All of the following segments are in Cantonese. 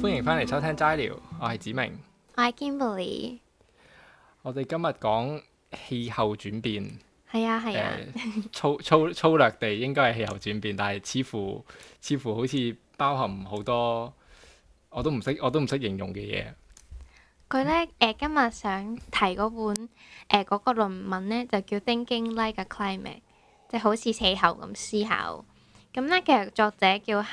歡迎翻嚟收聽齋聊，我係梓明，我係 Kimberly。我哋今日講氣候轉變，係啊係啊，粗粗粗略地應該係氣候轉變，但係似乎似乎好似包含好多我都唔識，我都唔識形容嘅嘢。佢咧誒今日想提嗰本誒嗰個論文咧就叫 Thinking Like a Climate，即係好似氣候咁思考。咁咧其實作者叫誒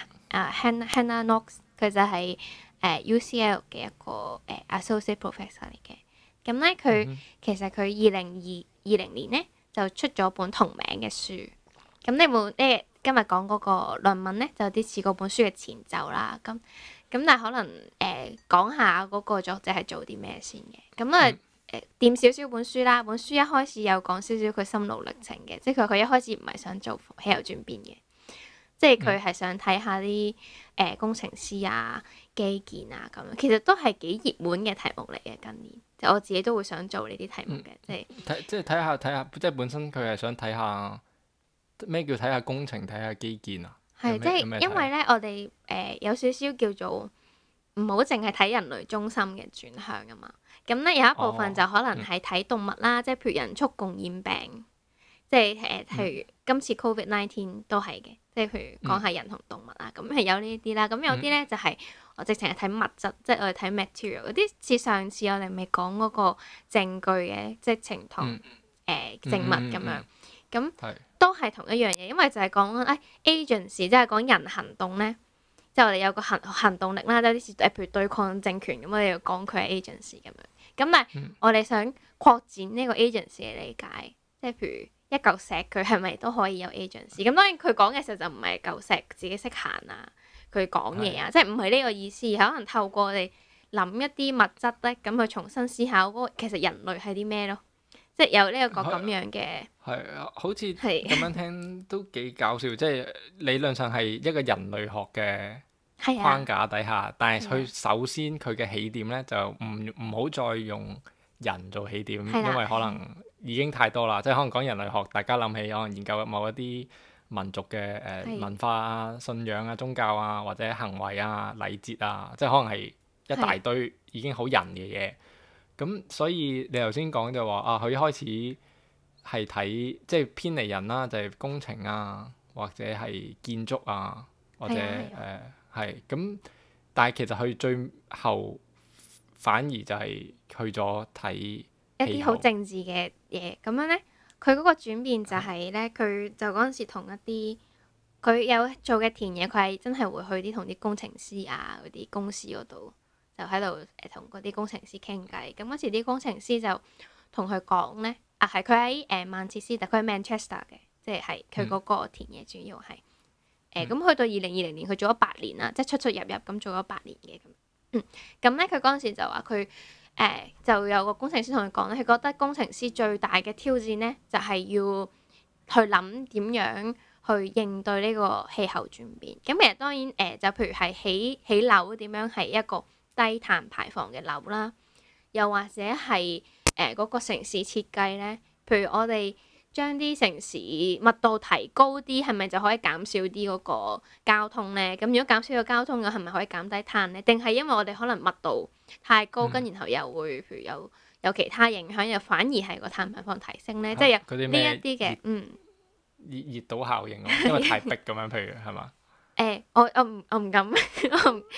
Hannah Knox。佢就係、是、誒、呃、UCL 嘅一個誒、呃、associate professor 嚟嘅，咁咧佢其實佢二零二二零年咧就出咗本同名嘅書，咁你冇誒今日講嗰個論文咧，就有啲似嗰本書嘅前奏啦。咁咁但係可能誒、呃、講下嗰個作者係做啲咩先嘅？咁啊誒掂少少本書啦，本書一開始有講少少佢心路歷程嘅，即係佢佢一開始唔係想做氣候轉變嘅、就是，即係佢係想睇下啲。Hmm. 誒、呃、工程師啊，基建啊，咁樣其實都係幾熱門嘅題目嚟嘅。近年，即我自己都會想做呢啲題目嘅，嗯、即係睇即係睇下睇下，即係本身佢係想睇下咩叫睇下工程，睇下基建啊。係即係因為咧，嗯、我哋誒、呃、有少少叫做唔好淨係睇人類中心嘅轉向㗎嘛。咁咧有一部分就可能係睇動物啦，哦、即係譬如人畜共染病，嗯、即係誒，譬如今次 Covid Nineteen 都係嘅。即係譬如講下人同動物啊，咁係、嗯、有呢啲啦。咁有啲咧、嗯、就係我直情係睇物質，即係我哋睇 material。啲似上次我哋咪講嗰個證據嘅，即係呈堂誒證物咁樣。咁都係同一樣嘢，是因為就係講誒 agency，即係講人行動咧。即係我哋有個行行動力啦，即係啲似例如對抗政權咁，我哋要講佢係 agency 咁樣。咁但係我哋想擴展呢個 agency 嘅理解，即係譬如。一嚿石佢係咪都可以有 agency？咁當然佢講嘅時候就唔係嚿石自己識行啊，佢講嘢啊，的即係唔係呢個意思？可能透過你諗一啲物質咧，咁去重新思考嗰個其實人類係啲咩咯？即係有呢一個咁樣嘅。係啊，好似係咁樣聽都幾搞笑。即係理論上係一個人類學嘅框架底下，但係佢首先佢嘅起點咧就唔唔好再用人做起點，因為可能。已經太多啦，即係可能講人類學，大家諗起可能研究某一啲民族嘅誒、呃、是文化啊、信仰啊、宗教啊，或者行為啊、禮節啊，即係可能係一大堆已經好人嘅嘢。咁是所以你頭先講就話啊，佢一開始係睇即係偏離人啦、啊，就係、是、工程啊，或者係建築啊，或者誒係咁，但係其實佢最後反而就係去咗睇一啲好政治嘅嘢咁樣咧，佢嗰個轉變就係咧，佢、啊、就嗰陣時同一啲佢有做嘅田野，佢係真係會去啲同啲工程師啊嗰啲公司嗰度，就喺度誒同嗰啲工程師傾偈。咁嗰時啲工程師就同佢講咧，啊係佢喺誒曼徹斯斯特，佢喺 Manchester 嘅，即係佢嗰個田野主要係誒。咁、嗯呃、去到二零二零年，佢做咗八年啦，即係出出入入咁做咗八年嘅。咁咁咧，佢嗰陣時就話佢。誒就有個工程師同佢講咧，佢覺得工程師最大嘅挑戰咧，就係要去諗點樣去應對呢個氣候轉變。咁其實當然誒，就譬如係起起樓點樣係一個低碳排放嘅樓啦，又或者係誒嗰個城市設計咧，譬如我哋。將啲城市密度提高啲，係咪就可以減少啲嗰個交通咧？咁如果減少咗交通嘅，係咪可以減低碳咧？定係因為我哋可能密度太高，跟、嗯、然後又會譬如有有其他影響，又反而係個碳排放提升咧？啊、即係是有呢一啲嘅，熱嗯，熱熱島效應、啊，因為太逼咁樣，譬 如係嘛。誒、欸，我我唔我唔敢， 我唔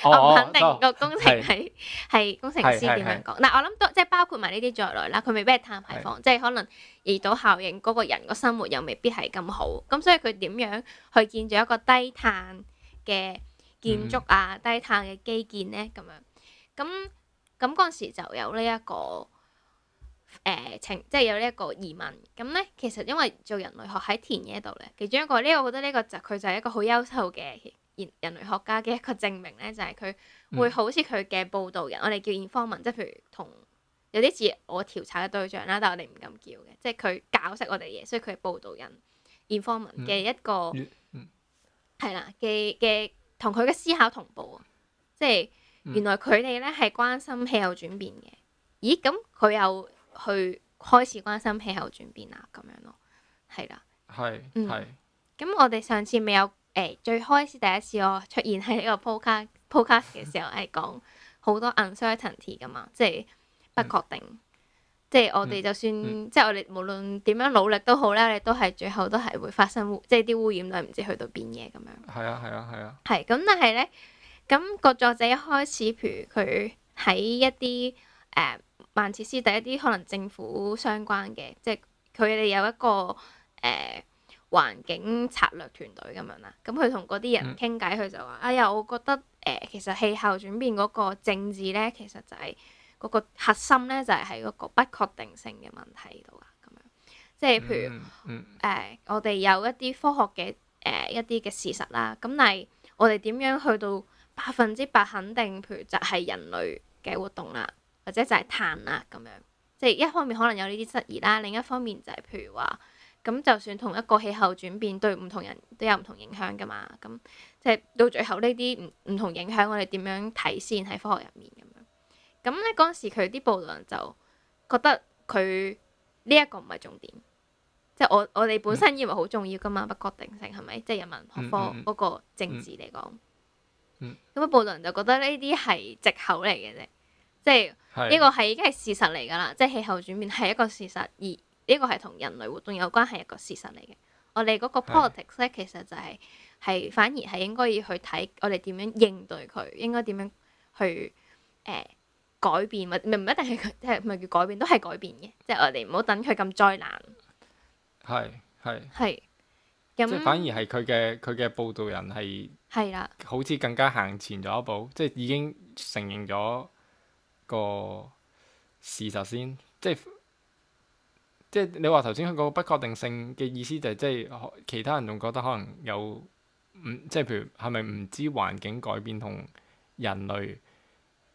不、哦、我唔肯定個、哦、工程係係工程師點樣講。嗱，我諗都即係包括埋呢啲在內啦。佢未必係碳排放，是即係可能熱島效應。嗰個人個生活又未必係咁好。咁所以佢點樣去建造一個低碳嘅建築啊？低碳嘅基建咧，咁樣。咁咁嗰陣時就有呢、這、一個。誒、呃，情即係有呢一個疑問。咁咧，其實因為做人類學喺田野度咧，其中一個呢，我覺得呢個就佢、是、就係一個好優秀嘅人人類學家嘅一個證明咧，就係、是、佢會好似佢嘅報導人，嗯、我哋叫 informant，即係譬如同有啲似我調查嘅對象啦，但係我哋唔敢叫嘅，即係佢搞識我哋嘢，所以佢係報導人 informant 嘅一個，係啦嘅嘅同佢嘅思考同步啊，即係原來佢哋咧係關心氣候轉變嘅，咦咁佢又去開始關心氣候轉變啊，咁樣咯，係啦，係係。咁我哋上次未有誒、欸、最開始第一次我出現喺呢個 podcast podcast 嘅時候係 講好多 uncertainty 嘅嘛，即係不確定。 嗯、即係我哋就算、嗯嗯、即係我哋無論點樣努力都好咧，你都係最後都係會發生即係啲污染都係唔知去到邊嘢咁樣。係啊係啊係啊。係咁，但係咧，咁、嗰個作者一開始，譬如佢喺一啲誒。嗯曼徹斯特一啲可能政府相關嘅，即係佢哋有一個誒、呃、環境策略團隊咁樣啦。咁佢同嗰啲人傾偈，佢就話：哎呀，我覺得誒、呃、其實氣候轉變嗰個政治咧，其實就係嗰個核心咧，就係喺嗰個不確定性嘅問題度啦。咁樣即係譬如誒、嗯嗯呃，我哋有一啲科學嘅誒、呃、一啲嘅事實啦。咁但係我哋點樣去到百分之百肯定？譬如就係人類嘅活動啦。或者就係嘆啦咁樣，即係一方面可能有呢啲質疑啦，另一方面就係譬如話，咁就算同一個氣候轉變對唔同人都有唔同影響噶嘛，咁即係到最後呢啲唔唔同影響，我哋點樣睇先喺科學入面咁樣？咁咧嗰陣時佢啲報導人就覺得佢呢一個唔係重點，即係我我哋本身以為好重要噶嘛，不確定性係咪？即係人文學科嗰個政治嚟講，咁啊報導人就覺得呢啲係藉口嚟嘅啫。即係呢是個係已經係事實嚟㗎喇，即係氣候轉變係一個事實，而呢個係同人類活動有關係一個事實嚟嘅。我哋嗰個 politics 是其實就係、是、係反而係應該要去睇我哋點樣應對佢，應該點樣去誒、呃、改變，或唔一定係即係唔係叫改變，都係改變嘅。即係我哋唔好等佢咁災難。係係係。咁即反而係佢嘅佢嘅報道人係係啦，好似更加行前咗一步，即係已經承認咗。個事實先，即係即係你話頭先嗰個不確定性嘅意思就係、係、即係其他人仲覺得可能有、嗯、即係譬如係咪唔知環境改變同人類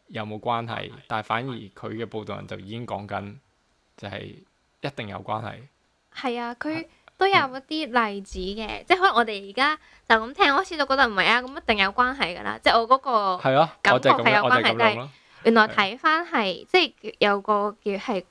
有冇關係？嗯、但係反而佢嘅報道人就已經講緊就係、係、一定有關係。係啊，佢都有一啲例子嘅，嗯、即係可能我哋而家就咁聽，開始就覺得唔係啊，咁一定有關係㗎啦。即係我嗰個係咯，感覺係有關係，但係、啊。原來睇翻係即係有個叫係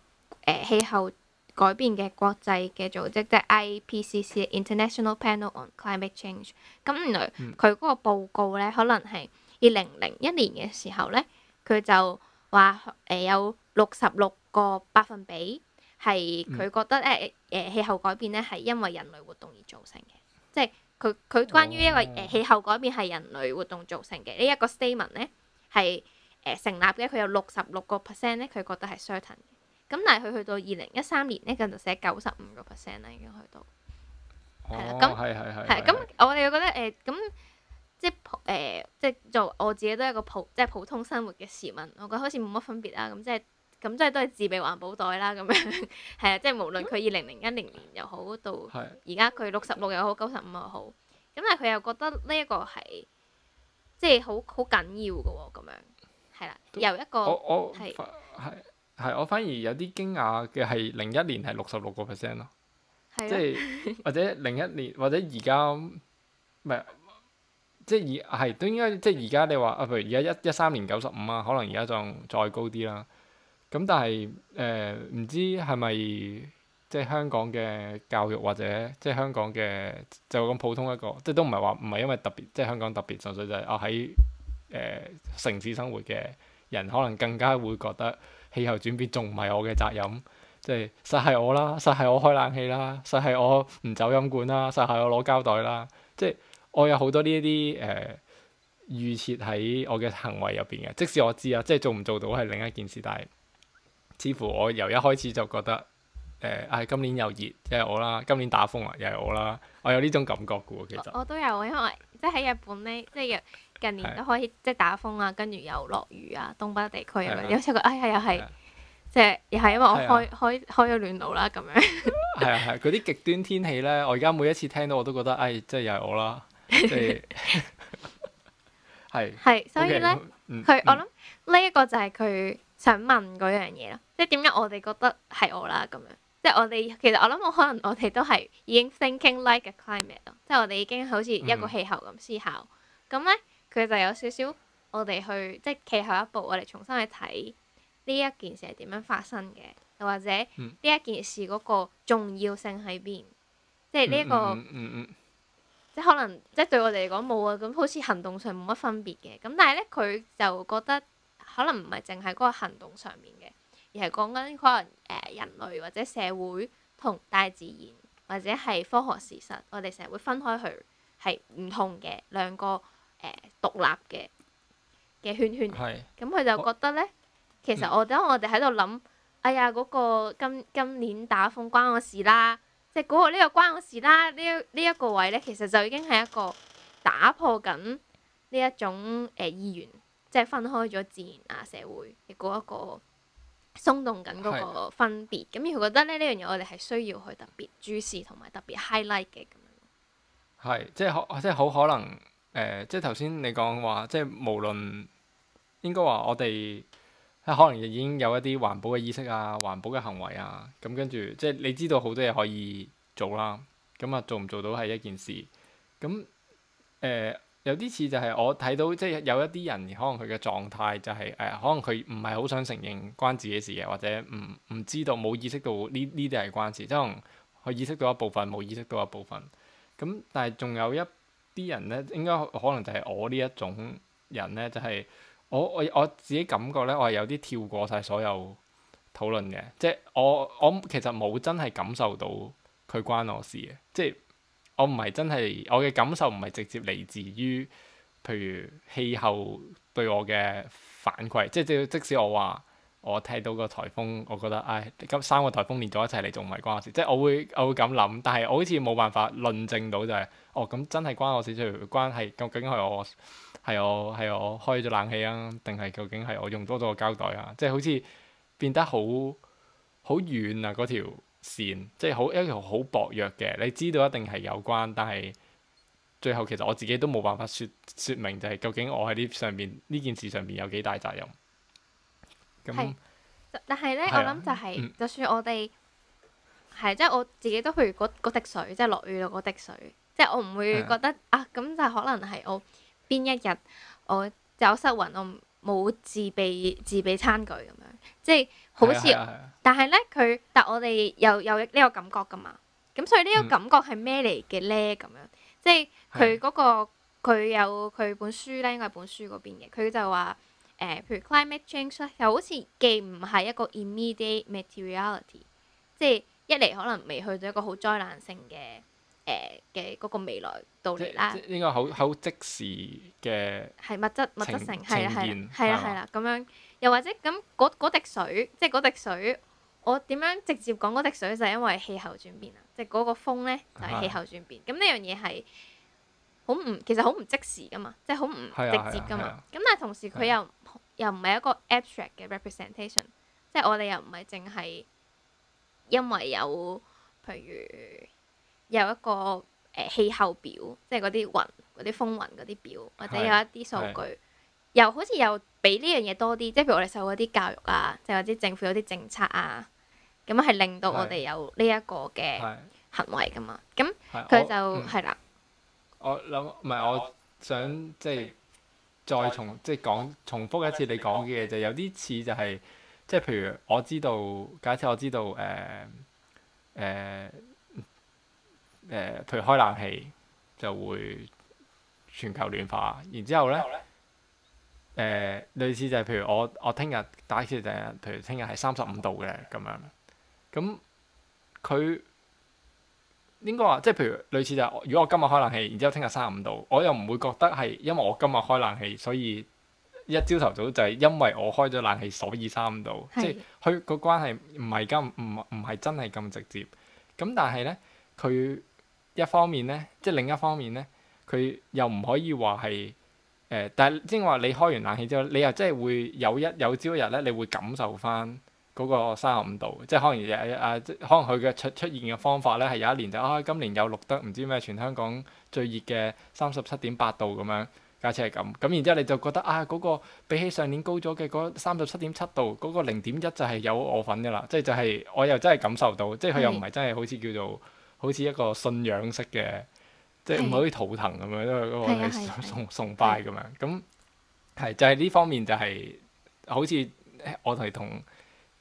誒氣候改變嘅國際嘅組織，即係 IPCC（International Panel on Climate Change）。咁原來佢嗰個報告咧，可能係二零零一年嘅時候咧，佢就話誒有六十六個百分比係佢覺得咧誒氣候改變咧係因為人類活動而造成嘅，即係佢佢關於一個誒氣、oh yeah 呃、候改變係人類活動造成嘅、這個、呢一個 statement 咧係。誒成立嘅佢有六十六個 percent 咧，佢覺得係 certain 嘅。咁但係佢去到二零一三年咧，佢就寫九十五個 percent 啦，已經去到係啦。咁係係係。係咁，我哋覺得誒咁、呃、即係普、嗯、即係做我自己都係一個普即係普通生活嘅市民，我覺得好似冇乜分別啦。咁、嗯、即係咁即係都係自備環保袋啦。咁樣係啊，即係無論佢二零零一零年又好到而家佢六十六又好九十五又好。咁、嗯、但係佢又覺得呢一個係即係好好緊要嘅喎咁樣。係啦，由一個我我係係係，我反而有啲驚訝嘅係零一年係六十六個 percent 咯，即係或者零一年或者而家唔係，即係而係都應該即係而家你話啊，譬如而家一一三年九十五啊，可能而家仲再高啲啦。咁但係誒唔知係咪即係香港嘅教育或者即係香港嘅就咁普通一個，即係都唔係話唔係因為特別，即係香港特別，純粹就係、係、啊喺。誒、呃、城市生活嘅人可能更加會覺得氣候轉變仲唔係我嘅責任，即係實係我啦，實係我開冷氣啦，實係我唔走飲管啦，實係我攞膠袋啦，即係我有好多呢一啲誒預設喺我嘅行為入邊嘅。即使我知啊，即係做唔做到係另一件事，但係似乎我由一開始就覺得誒，唉、呃哎，今年又熱，即係我啦；今年打風啊，又係我啦。我有呢種感覺嘅喎，其實我，我都有，因為即係喺日本呢。即係要。近年都可以即係打風啊，跟住又落雨啊，東北地區啊，有時覺得哎呀又係即係又係因為我開開開咗暖爐啦，咁樣。係啊係，嗰啲極端天氣咧，我而家每一次聽到我都覺得，哎，即係又係我啦，即係係。係，所以咧，佢我諗呢一個就係佢想問嗰樣嘢咯，即係點解我哋覺得係我啦咁樣？即係我哋其實我諗我可能我哋都係已經 thinking like a climate 咯，即係我哋已經好似一個氣候咁思考。咁咧。佢就有少少我，我哋去即係企後一步，我哋重新去睇呢一件事係點樣發生嘅，又或者呢一件事嗰個重要性喺邊，即係呢一個， 即係可能即係對我哋嚟講冇啊。咁好似行動上冇乜分別嘅咁，但係咧佢就覺得可能唔係淨係嗰個行動上面嘅，而係講緊可能誒人類或者社會同大自然或者係科學事實，我哋成日會分開去係唔同嘅兩個。誒獨立嘅嘅圈圈，咁佢是就覺得呢。哦、其實我當、嗯、我哋喺度諗，哎呀嗰、那個今今年打風關我事啦，即係嗰呢個關我事啦，呢一呢一個位呢，其實就已經係一個打破緊呢一種誒意願，即、就、係、是、分開咗自然啊社會嘅嗰一個鬆動緊嗰個分別，咁佢是覺得呢呢樣嘢、這個、我哋係需要去特別注視同埋特別 highlight 嘅，係即係可即係好可能。誒、呃，即係頭先你講話，即係無論應該話我哋、啊，可能已經有一啲環保嘅意識啊、環保嘅行為啊，咁、嗯、跟住即係你知道好多嘢可以做啦，咁、嗯、啊做唔做到係一件事，咁、嗯、誒、呃、有啲似就係我睇到，即係有一啲人可能佢嘅狀態就係誒，可能佢唔係好想承認關自己事嘅，或者唔唔知道冇意識到呢呢啲係關事，即係可能佢意識到一部分，冇意識到一部分，咁但係仲有一啲人咧，應該可能就係我呢一種人咧，就係我我我自己感覺咧，我係有啲跳過晒所有討論嘅，即係我我其實冇真係感受到佢關我事嘅，即係我唔係真係我嘅感受唔係直接嚟自於譬如氣候對我嘅反饋，即係即即使我話，我睇到個颱風，我覺得唉，咁三個颱風連咗一齊嚟，仲唔係關我事？即係我，我會我會咁諗，但係我好似冇辦法論證到就係、是、哦，咁真係關我事，即係關係究竟係我係我係我開咗冷氣啊，定係究竟係我用多咗個膠袋啊？即係好似變得好好遠啊嗰條線，即係好一條好薄弱嘅。你知道一定係有關，但係最後其實我自己都冇辦法説説明，就係究竟我喺呢上面呢件事上面有幾大責任。係那，但係咧，啊、我諗就係，就算我哋係，即係、嗯就是、我自己都去嗰滴水，即係落雨嗰滴水，即、就、係、是、我唔會覺得啊，咁、啊、就可能係我邊一日我走失魂，我冇自備自備餐具咁樣，即、就、係、是、好似，啊啊啊、但係咧佢，但我哋又有呢個感覺噶嘛，咁所以呢個感覺係咩嚟嘅咧？咁樣、嗯，嗯、即係佢嗰個佢、啊、有佢本書咧，應該係本書嗰邊嘅，佢就話。誒，譬如 climate change 咧，又好似既唔係一個 immediate materiality，即係一嚟可能未去到一個好災難性嘅誒嘅嗰個未來到嚟啦。應該好好即時嘅。係物質物質性係啦係啦咁樣，又或者咁嗰滴水，即係嗰滴水，我點樣直接講嗰滴水就係因為氣候轉變啦，即係嗰個風咧就係氣候轉變。咁呢樣嘢係好唔其實好唔即時㗎嘛，即係好唔直接㗎嘛。咁但係同時佢又又唔係一個 abstract 嘅 representation，即係我哋又唔係淨係因為有，譬如有一個誒、呃、氣候表，即係嗰啲雲、嗰啲風雲嗰啲表，或者有一啲數據，又好似又比呢樣嘢多啲。即係譬如我哋受嗰啲教育啊，即係或者政府有啲政策啊，咁係令到我哋有呢一個嘅行為㗎嘛。咁佢就係、嗯、啦。我諗唔係我想即係。再重即係講重複一次你講嘅嘢就係、有啲似就係、係、即係譬如我知道，假設我知道誒誒誒譬如開冷氣就會全球暖化，然之後咧誒、呃、類似就係譬如我我聽日打假設就係譬如聽日係三十五度嘅咁樣咁佢。應該話即係譬如類似就係、是，如果我今日開冷氣，然之後聽日卅五度，我又唔會覺得係因為我今日開冷氣，所以一朝頭早就係因為我開咗冷氣，所以卅五度，是即係佢個關係唔係咁唔唔係真係咁直接。咁但係呢，佢一方面呢，即係另一方面呢，佢又唔可以話係誒，但係即係話你開完冷氣之後，你又真係會有一有朝一日呢，你會感受翻。嗰個三十五度，即係可能誒、啊、可能佢嘅出出現嘅方法呢，係有一年就啊，今年有錄得唔知咩全香港最熱嘅三十七點八度咁樣，假設係咁咁，然之後你就覺得啊，嗰個比起上年高咗嘅嗰三十七點七度，嗰個零點一就係有我份噶啦，即係就係我又真係感受到，是即係佢又唔係真係好似叫做好似一個信仰式嘅，即係唔係嗰啲圖騰咁樣，是因為嗰個係崇，崇拜咁樣，咁係就係呢方面就係好似我同你同。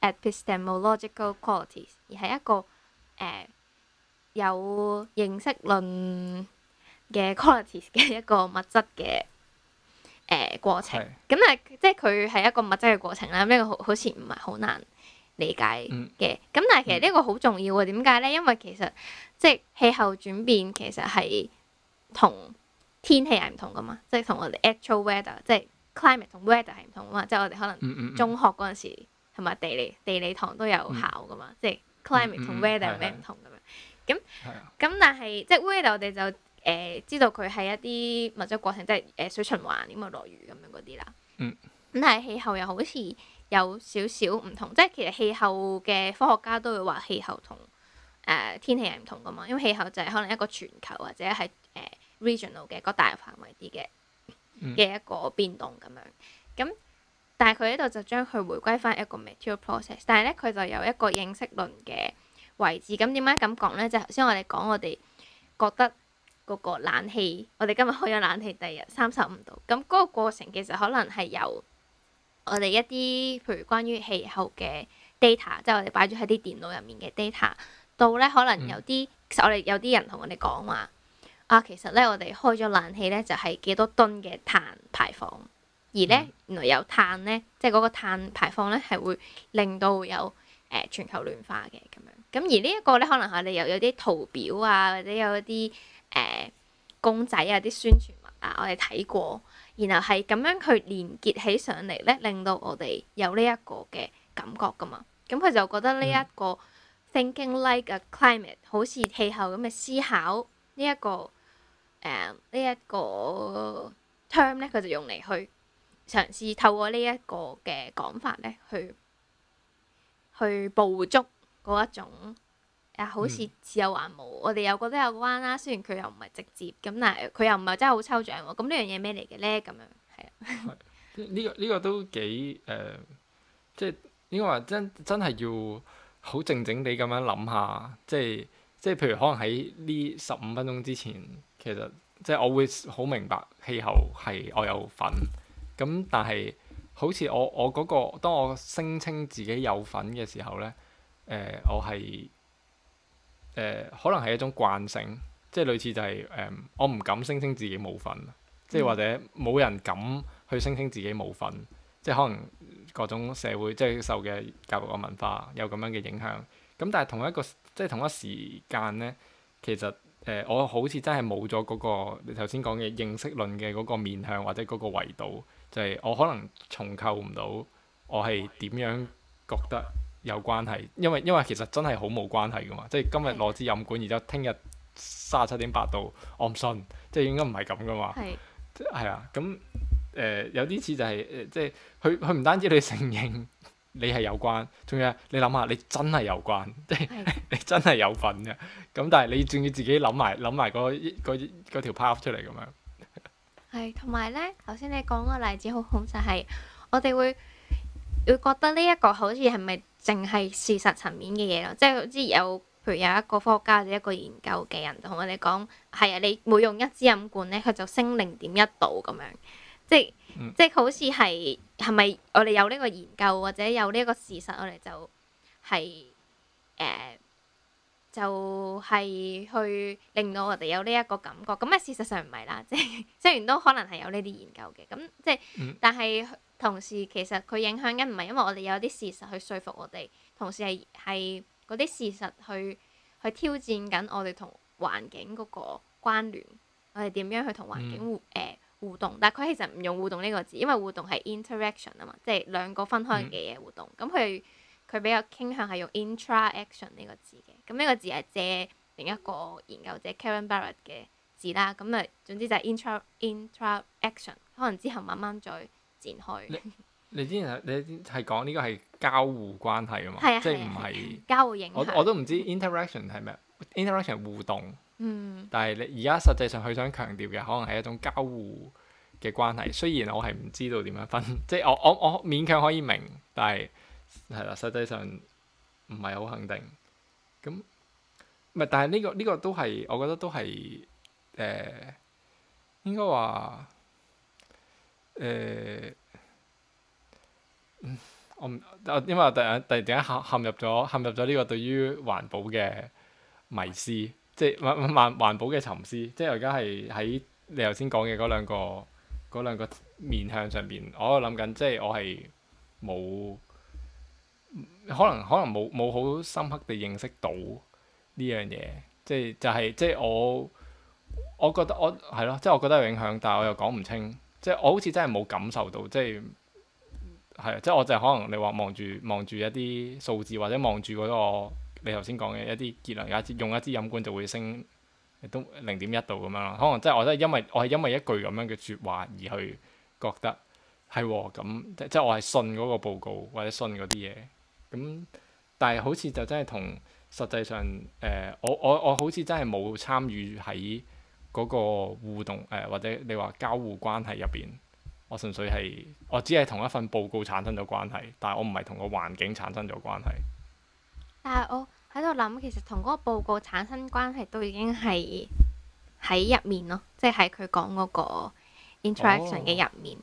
Epistemological qualities 而係一個誒、呃、有認識論嘅 qualities 嘅一個物質嘅誒過程，咁是但係即係佢係一個物質嘅過程啦，呢、這個好好似唔係好難理解嘅，咁、嗯、但係其實呢個好重要啊！點解咧？因為其實即係氣候轉變，其實係同天氣係唔同噶嘛，即係同我哋 actual weather 即係 climate we 同 weather 係唔同啊嘛，即係我哋可能中學嗰陣時。嗯嗯嗯同埋地理地理堂都有考噶嘛，即係 climate 同 weather 咩唔同咁樣，咁咁但係，即係 weather 我哋就誒、呃，知道佢係一啲物質過程，即係誒水循環，點啊落雨咁樣嗰啲啦。咁、嗯、但係氣候又好似有少少唔同，即係其實氣候嘅科學家都會話氣候、呃、同誒天氣係唔同噶嘛，因為氣候就係可能一個全球或者係誒、呃、regional 嘅、個大範圍啲嘅嘅一個變動咁樣。咁、嗯。嗯但係佢呢度就將佢回歸翻一個 material process，但係咧佢就有一個認識論嘅位置。咁點解咁講咧？就頭先我哋講我哋覺得嗰個冷氣，我哋今日開咗冷氣，第二日三十五度。咁嗰個過程其實可能係由我哋一啲譬如關於氣候嘅 data，即係我哋擺咗喺啲電腦入面嘅 data，到咧可能有啲，嗯、其實我哋有啲人同我哋講話啊，其實咧我哋開咗冷氣咧就係、是、幾多噸嘅碳排放。而咧，原來有碳咧，即係嗰個碳排放咧，係會令到有誒、呃、全球暖化嘅咁樣。咁而呢一個咧，可能我哋又有啲圖表啊，或者有一啲誒、呃、公仔啊、啲宣傳物啊，我哋睇過，然後係咁樣去連結起上嚟咧，令到我哋有呢一個嘅感覺噶嘛。咁佢就覺得呢、這、一個、嗯、thinking like a climate 好似氣候咁嘅思考呢一、這個誒呢一個 term 咧，佢就用嚟去。嘗試透過呢一個嘅講法咧，去去捕捉嗰一種啊，好似似有還冇。嗯、我哋又覺得有個彎啦，雖然佢又唔係直接咁，但係佢又唔係真係好抽象喎。咁呢樣嘢咩嚟嘅咧？咁樣係啊，呢啊、 呢個呢、呢個都幾誒、呃，即係應該話真真係要好靜靜地咁樣諗下，即係即係譬如可能喺呢十五分鐘之前，其實即係我會好明白氣候係我有份。咁但係好似我我嗰、那個當我聲稱自己有份嘅時候呢，誒、呃、我係誒、呃、可能係一種慣性，即係類似就係、是、誒、呃、我唔敢聲稱自己冇份，即係或者冇人敢去聲稱自己冇份，嗯、即係可能各種社會即係受嘅教育嘅文化有咁樣嘅影響。咁但係同一個即係同一時間呢，其實誒、呃、我好似真係冇咗嗰個你頭先講嘅認識論嘅嗰個面向或者嗰個維度。就係我可能重構唔到，我係點樣覺得有關係？因為因為其實真係好冇關係噶嘛，即係今日攞支飲管，然之後聽日三十七點八度，我唔信，即係應該唔係咁噶嘛。係的，啊。咁誒、呃、有啲似就係、是、誒，即係佢佢唔單止你承認你係有關，仲要你諗下，你真係有關，即係的 你真係有份嘅。咁但係你仲要自己諗埋諗埋嗰條 path 出嚟咁樣。係，同埋咧，頭先你講個例子好好，就係我哋會會覺得呢一個好似係咪淨係事實層面嘅嘢咯？即係之前有，譬如有一個科學家或者一個研究嘅人同我哋講係啊，你每用一支飲管咧，佢就升零點一度咁樣，即係、嗯、即係好似係，係咪我哋有呢個研究或者有呢一個事實我，我哋就係誒。呃就係去令到我哋有呢一個感覺，咁啊事實上唔係啦，即係雖然都可能係有呢啲研究嘅，咁即係，但係同時其實佢影響緊唔係因為我哋有啲事實去説服我哋，同時係係嗰啲事實去去挑戰緊我哋同環境嗰個關聯，我哋點樣去同環境互誒、嗯呃、互動，但係佢其實唔用互動呢個字，因為互動係 interaction 啊嘛，即係兩個分開嘅嘢互動，咁佢、嗯。嗯。佢比較傾向係用 intra-action 呢個字嘅，咁呢個字係借另一個研究者 Karen Barrett 嘅字啦。咁啊，總之就係 intra-action，int 可能之後慢慢再展開。你之前你係講呢個係交互關係啊嘛，啊即係唔係交互影響我，我都唔知 interaction 係咩，interaction 互動。嗯。但係你而家實際上佢想強調嘅，可能係一種交互嘅關係。雖然我係唔知道點樣分，即係我我我，我勉強可以明，但係。係啦，實際上唔係好肯定咁。唔係，但係呢、呢個呢、呢個都係，我覺得都係誒、呃，應該話誒、呃。我唔因為我突然突然間陷陷入咗陷入咗呢個對於環保嘅迷思，嗯、即係環環保嘅沉思。即係我而家係喺你頭先講嘅嗰兩個嗰兩個面向上邊，我諗緊，即係我係冇。可能可能冇冇好深刻地認識到呢樣嘢，即係就係、係、即係我我覺得我係咯，即係、就係、我覺得有影響，但係我又講唔清，即係我好似真係冇感受到，即係係即係我就係可能你話望住望住一啲數字，或者望住嗰個你頭先講嘅一啲結論，而家用一支飲管就會升都零點一度咁樣咯。可能真係我都係因為我係因為一句咁樣嘅説話而去覺得係咁，即係我係信嗰個報告或者信嗰啲嘢。咁、嗯，但係好似就真係同實際上，誒、呃，我我我好似真係冇參與喺嗰個互動，誒、呃，或者你話交互關係入邊，我純粹係，我只係同一份報告產生咗關係，但係我唔係同個環境產生咗關係。但係我喺度諗，其實同嗰個報告產生關係都已經係喺入面咯，即係喺佢講嗰個 interaction 嘅入面。哦。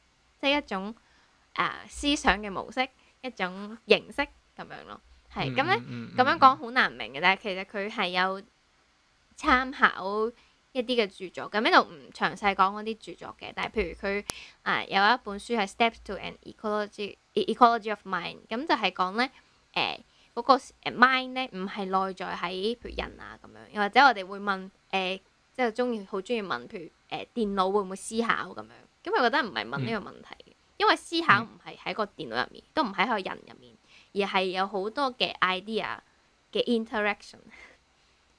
即係一種誒、呃、思想嘅模式，一種形式咁樣咯，係咁咧。咁、嗯嗯嗯、樣講好難明嘅，但係其實佢係有參考一啲嘅著作，咁呢度唔詳細講嗰啲著作嘅。但係譬如佢誒、呃、有一本書係《Steps to an Ecology Ecology of Mind》，咁就係講咧誒嗰個 mind 咧，唔係內在喺譬如人啊咁樣，又或者我哋會問誒，即係鍾意好鍾意問譬如誒、呃、電腦會唔會思考咁樣。咁我覺得唔係問呢個問題，因為思考唔係喺個電腦入面，都唔喺喺個人入面，而係有好多嘅 idea 嘅 interaction，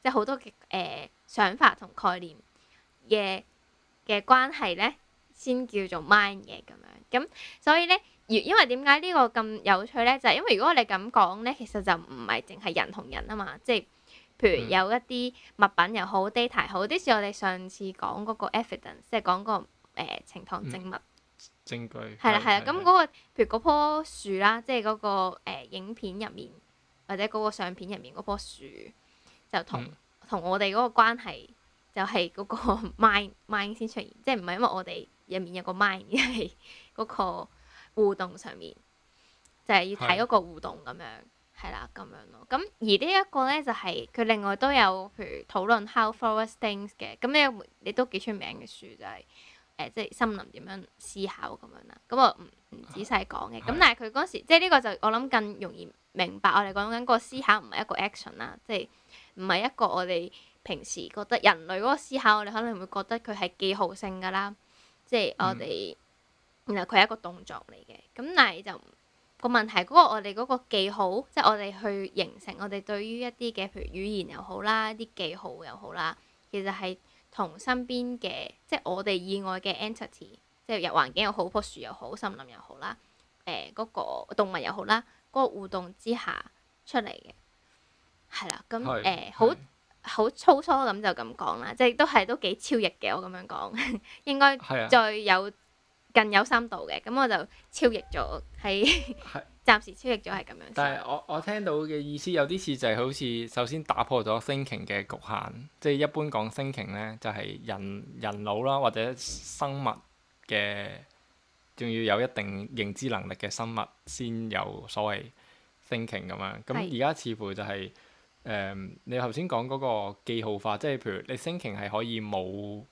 即係好多嘅誒、呃、想法同概念嘅嘅關係咧，先叫做 mind 嘅咁樣。咁所以咧，如因為點解呢個咁有趣咧？就係、是、因為如果你咁講咧，其實就唔係淨係人同人啊嘛。即、就、係、是、譬如有一啲物品又好，data 好，即係我哋上次講嗰個 evidence，即係講嗰個。誒呈、呃、堂證物、嗯、證據係啦，係啦。咁嗰個，譬如嗰棵樹啦，即係嗰、那個、呃、影片入面，或者嗰個相片入面嗰棵樹，就同同、嗯、我哋嗰個關係就係、是、嗰個 mind mind 先出現，即係唔係因為我哋入面有個 mind，而係嗰個互動上面就係、是、要睇嗰個互動咁樣係啦，咁的樣咯。咁而呢一個咧就係、是、佢另外都有譬如討論 how forests think 嘅，咁你你都幾出名嘅書就係、是就是。誒、呃、即係森林點樣思考咁樣啦，咁我唔唔仔細講嘅，咁、啊、但係佢嗰時即係呢個就我諗更容易明白，我哋講緊個思考唔係一個 action 啦，即係唔係一個我哋平時覺得人類嗰個思考，我哋可能會覺得佢係記號性㗎啦，即係我哋然後佢係一個動作嚟嘅，咁但係就個問題嗰個我哋嗰個記號，即係我哋去形成我哋對於一啲嘅譬如語言又好啦，啲記號又好啦，其實係。同身邊嘅即係我哋以外嘅 entity，即係又環境又好，樖樹又好，森林又好啦，誒、呃、嗰、那個動物又好啦，嗰、那個互動之下出嚟嘅，係啦、啊，咁誒好好粗糙咁就咁講啦，即係都係都幾超譯嘅，我咁樣講，應該再有更有深度嘅，咁我就超譯咗喺。暫時超越咗係咁樣，但係我我聽到嘅意思有啲似就係好似首先打破咗 thinking 嘅局限。即、就、係、是、一般講 thinking 呢，就係、是、人人腦啦，或者生物嘅，仲要有一定認知能力嘅生物先有所謂 thinking 咁樣。咁而家似乎就係、是、誒的、呃、你頭先講嗰個記號化，即係譬如你 thinking 係可以冇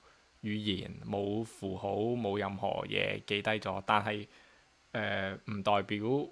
語言冇符號冇任何嘢記低咗，但係誒唔代表。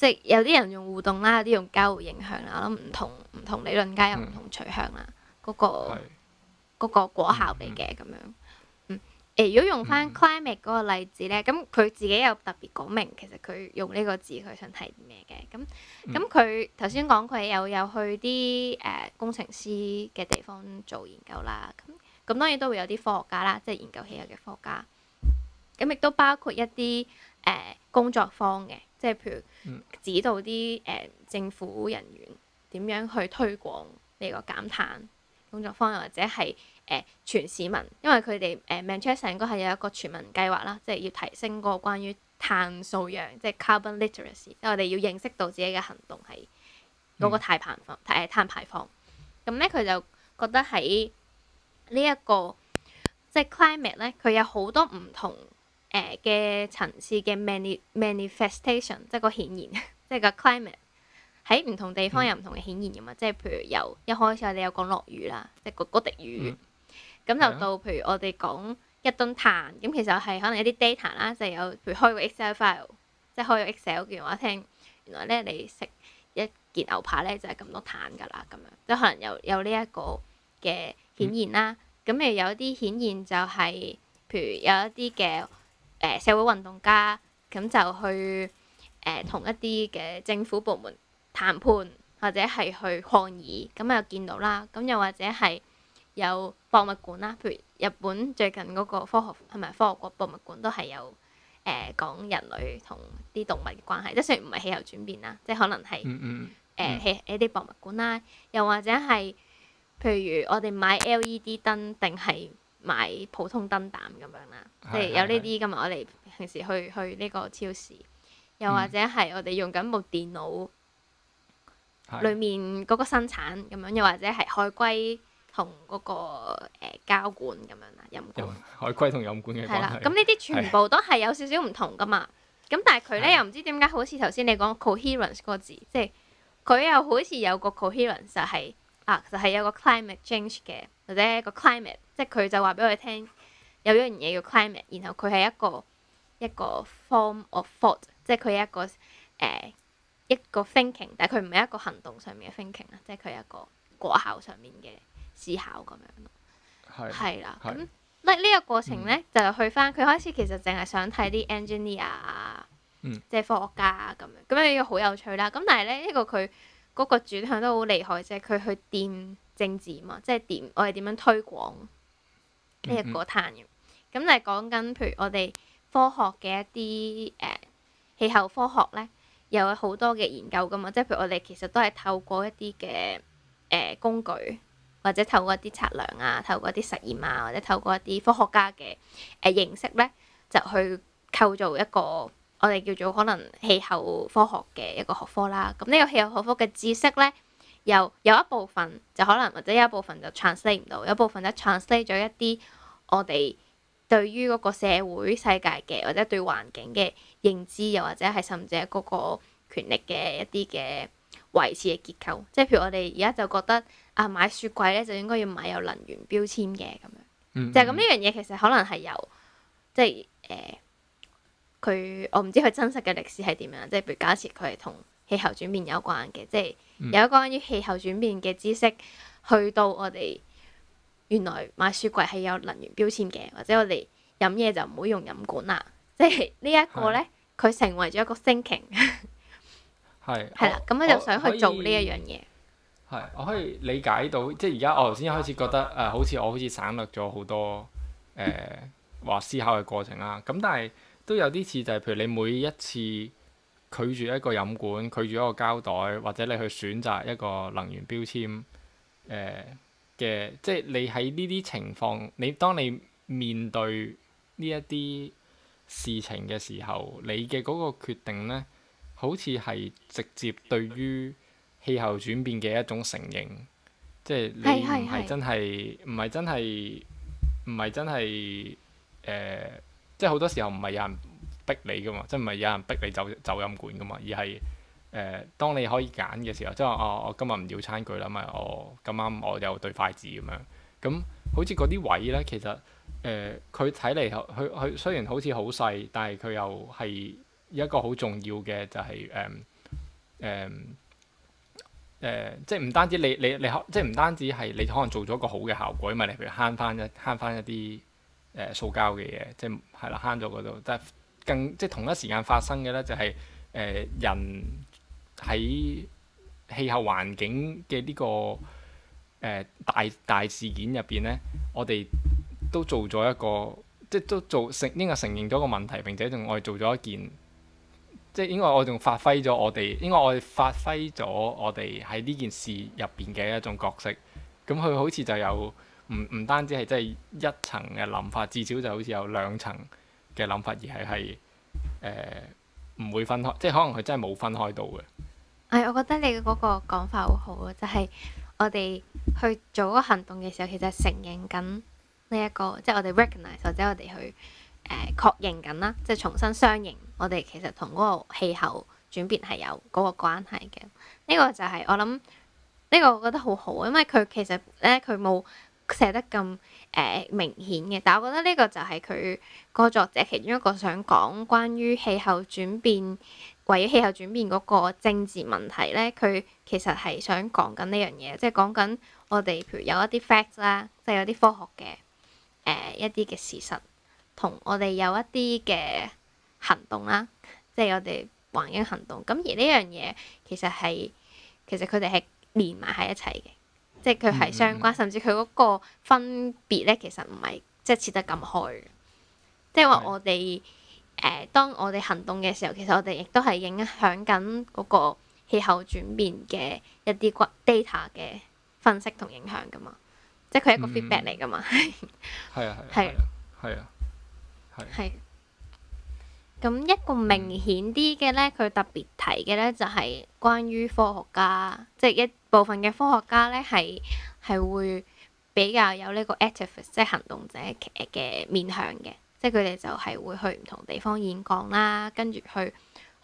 即係有啲人用互動啦，有啲用交互影響啦。我諗唔同唔同理論家有唔同取向啦，嗰、嗯嗰個果是效嚟嘅咁樣。嗯，誒如果用翻 climate 嗰個例子咧，咁佢、嗯、自己又特別講明其實佢用呢個字佢想睇咩嘅。咁咁佢頭先講佢又有去啲誒、uh, 工程師嘅地方做研究啦。咁咁當然都會有啲科學家啦，即係研究氣候嘅科學家。咁、就、亦、是、都包括一啲誒、uh, 工作坊嘅。即係譬如指導啲誒、呃、政府人員點樣去推廣呢個減碳工作方，又或者係誒、呃、全市民，因為佢哋誒 Manchester 應該係有一個全民計劃啦，即係要提升個關於碳素養，即係 carbon literacy，即係我哋要認識到自己嘅行動係嗰個碳排放誒碳排放。咁咧佢就覺得喺、這個就是、呢一個即係 climate 咧，佢有好多唔同。誒嘅層次嘅 manifestation，即係個顯現，即 係個 climate 喺唔同地方有唔同嘅顯現㗎嘛。嗯、即係譬如由一開始我哋有講落雨啦，即係嗰嗰滴雨咁、嗯、就到，譬如我哋講一噸碳咁，其實係可能一啲 data 啦，就有譬如開個 Excel file，即係開個 Excel 嘅話聽，原來咧你食一件牛扒咧就係咁多碳㗎啦，咁樣即可能有有呢、嗯、一個嘅顯現啦。咁例如有啲顯現就係譬如有一啲嘅。誒社會運動家咁就去誒、呃、同一啲嘅政府部門談判，或者係去抗議咁又見到啦。咁又或者係有博物館啦，譬如日本最近嗰個科學係咪科學國博物館都係有誒講、呃、人類同啲動物嘅關係，即雖然唔係氣候轉變啦，即係可能係誒喺啲博物館啦，又或者係譬如我哋買 LED 燈定係，買普通燈膽咁樣啦，即係有呢啲噶嘛。我哋平時去是是是去呢個超市，又或者係我哋用緊部電腦裏面嗰個生產咁樣，是是又或者係海龜同嗰、那個誒膠、欸、管咁樣有有啦。飲海龜同飲管嘅關係。係啦，咁呢啲全部都係有少少唔同噶嘛。咁是是 但係佢咧又唔知點解，好似頭先你講 coherence 嗰個字，即係佢又好似有個 coherence 就係、是、啊，就係、是、有個 climate change 嘅，或者個 climate。即係佢就話俾我哋聽有一樣嘢叫 climate，然後佢係一個一個 form of thought，即係佢係一個誒、呃、一個 thinking，但係佢唔係一個行動上面嘅 thinking 啊，即係佢係一個果考上面嘅思考咁樣咯。係係是啦，咁呢個過程咧、嗯、就去翻佢開始其實淨係想睇啲 engineer，即係、嗯、科學家咁樣咁樣要好有趣啦。咁但係咧呢、這個佢嗰、那個轉向都好厲害，即係佢去掂政治啊嘛，即係掂我哋點樣推廣。呢個碳嘅，咁就係講緊，譬如我哋科學嘅一啲誒氣候科學咧，有好多嘅研究㗎嘛。即係譬如我哋其實都係透過一啲嘅誒工具，或者透過一啲測量啊，透過一啲實驗啊，或者透過一啲科學家嘅誒認識咧，就去構造一個我哋叫做可能氣候科學嘅一個學科啦。咁、嗯、呢、呢個氣候科學嘅知識咧。有有一部分就可能，或者有一部分就 translate 唔到，有一部分就 translate 咗一啲我哋對於嗰個社會世界嘅，或者對環境嘅認知，又或者係甚至係嗰個權力嘅一啲嘅維持嘅結構，即係譬如我哋而家就覺得啊，買雪櫃咧就應該要買有能源標籤嘅，咁樣，嗯嗯嗯，就係咁呢樣嘢其實可能係由即係誒佢，我唔知佢真實嘅歷史係點樣，即係譬如假設佢係同。氣候轉變有關嘅，即係有一個關於氣候轉變嘅知識，嗯、去到我哋原來買雪櫃係有能源標籤嘅，或者我哋飲嘢就唔好用飲管啦。即係呢一個呢，佢是成為咗一個 thinking，係係啦。咁的我，我就想去做呢一樣嘢。係，我可以理解到，即係而家我頭先一開始覺得誒、呃，好似我好似省略咗好多誒話、呃、思考嘅過程啦。咁但係都有啲似就係譬如你每一次。拒絕一個飲管，拒絕一個膠袋，或者你去選擇一個能源標籤誒嘅，即係你喺呢啲情況，你當你面對呢一啲事情嘅時候，你嘅嗰個決定呢，好似係直接對於氣候轉變嘅一種承認，即係你唔係真係，唔係真係，唔係真係誒、呃，即係好多時候唔係人，逼你㗎嘛，即係唔係有人逼你走走飲管㗎嘛？而係誒、呃，當你可以揀嘅時候，即係我、哦、我今日唔要餐具啦，嘛、就是。我咁啱我有對筷子咁樣。咁、嗯、好似嗰啲位咧，其實誒，佢睇嚟佢佢雖然好似好細，但係佢又係一個好重要嘅、就是，就係誒誒誒，即係唔單止你你你，你即係唔單止係你可能做咗個好嘅效果，因、就、為、是、你譬如慳翻一慳翻一啲誒、呃、塑膠嘅嘢，即係係啦慳咗嗰度，但係。更即係同一時間發生嘅咧、就是，就係誒人喺氣候環境嘅呢、這個誒、呃、大大事件入邊咧，我哋都做咗一個，即係都做承應該承認咗個問題，並且仲我哋做咗一件，即係應該我哋發揮咗我哋，應該我哋發揮咗我哋喺呢件事入邊嘅一種角色。咁佢好似就有唔唔單止係即係一層嘅諗法，至少就好似有兩層。嘅諗法而係係誒唔會分開，即係可能佢真係冇分開到嘅。誒，我覺得你嗰個講法好好咯，就係、是、我哋去做嗰行動嘅時候，其實承認緊呢一個，即係我哋 recognize 或者我哋去誒、呃、確認緊啦，即係重新相認我哋其實同嗰個氣候轉變係有嗰個關係嘅。呢、這個就係、是、我諗呢個，我覺得好好，因為佢其實咧佢冇寫得咁，誒、呃、明顯嘅，但係我覺得呢個就係佢個作者其中一個想講關於氣候轉變，關於氣候轉變嗰個政治問題咧，佢其實係想講緊呢樣嘢，即係講緊我哋譬如有一啲 facts 啦，即係有啲科學嘅誒、呃、一啲嘅事實，同我哋有一啲嘅行動啦，即係我哋環境行動，咁而呢樣嘢其實係其實佢哋係連埋喺一齊嘅。即係佢係相關，嗯、甚至佢嗰個分別咧，其實唔係、就是，即係切得咁開。即係話我哋誒當我哋行動嘅時候，其實我哋亦都係影響緊嗰個氣候轉變嘅一啲 data 嘅分析同影響噶嘛。即係佢一個 feedback 嚟噶嘛。係係啊係啊係啊係。係。咁一個明顯啲嘅咧，佢特別提嘅咧，就係關於科學家即係、就是、一。部分嘅科學家咧係係會比較有呢個 activist 即行動者嘅面向嘅，即佢哋就係會去唔同地方演講啦，跟住去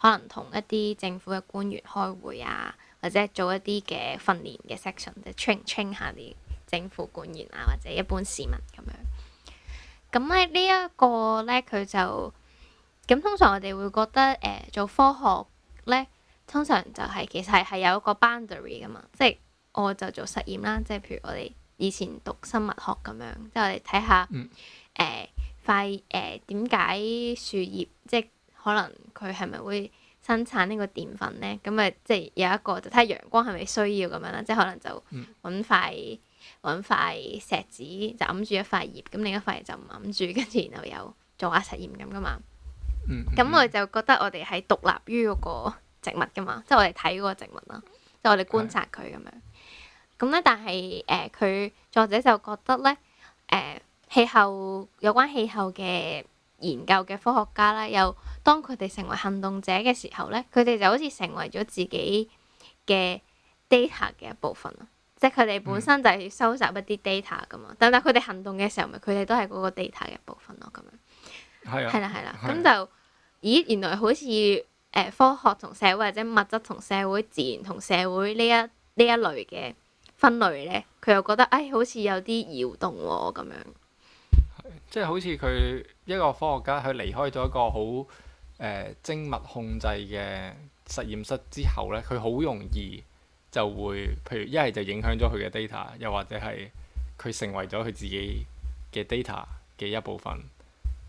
可能同一啲政府嘅官員開會啊，或者做一啲嘅訓練嘅 section，即 train train 下啲政府官員啊，或者一般市民咁樣。咁喺呢一個咧，佢就咁通常我哋會覺得誒、呃、做科學咧。通常就係、是、其實係有一個 boundary 噶嘛，即係我就做實驗啦，即係譬如我哋以前讀生物學咁樣，即係我哋睇下誒、嗯呃、塊誒點解樹葉，即係可能佢係咪會生產呢個澱粉咧？咁啊，即係有一個就睇下陽光係咪需要咁樣啦，即係可能就揾塊揾、嗯、塊石子就揞住一塊葉，咁另一塊就唔揞住，跟住然後又做下實驗咁噶嘛。咁、嗯嗯、我就覺得我哋係獨立於嗰、那個。植物噶嘛，即係我哋睇嗰個植物啦，即係我哋觀察佢咁樣。咁咧是的，但係誒，佢作者就覺得咧，誒、呃、氣候有關氣候嘅研究嘅科學家啦，又當佢哋成為行動者嘅時候咧，佢哋就好似成為咗自己嘅 data 嘅一部分咯。即係佢哋本身就係收集一啲 data 噶嘛，嗯、但係佢哋行動嘅時候，咪佢哋都係嗰個 data 嘅一部分咯。咁樣係啊，係啦，係啦，咁就咦，原來好似～科學同社會或者物質同社會、自然同社會呢一呢一類嘅分類呢，佢又覺得誒、哎、好似有啲搖動喎、哦、咁樣。即係好似佢一個科學家，佢離開咗一個好、呃、精密控制嘅實驗室之後呢，佢好容易就會譬如一係就影響咗佢嘅 data，又或者係佢成為咗佢自己嘅 data 嘅一部分。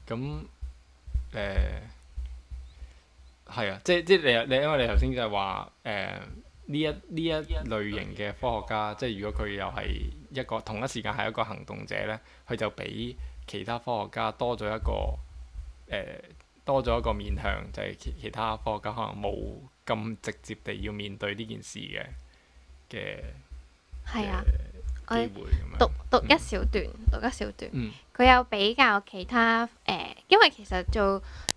咁係啊，即係即係你你，你因為你頭先就係話誒呢一呢一類型嘅科學家，學家即如果佢又係一個同一時間係一個行動者咧，佢就比其他科學家多咗一個誒、呃，多咗一個面向，就係、是、其其他科學家可能冇咁直接地要面對呢件事嘅嘅。係啊，機會咁樣讀讀一、嗯、讀一小段，讀一小段，佢、嗯、有比較其他誒、呃，因為其實做。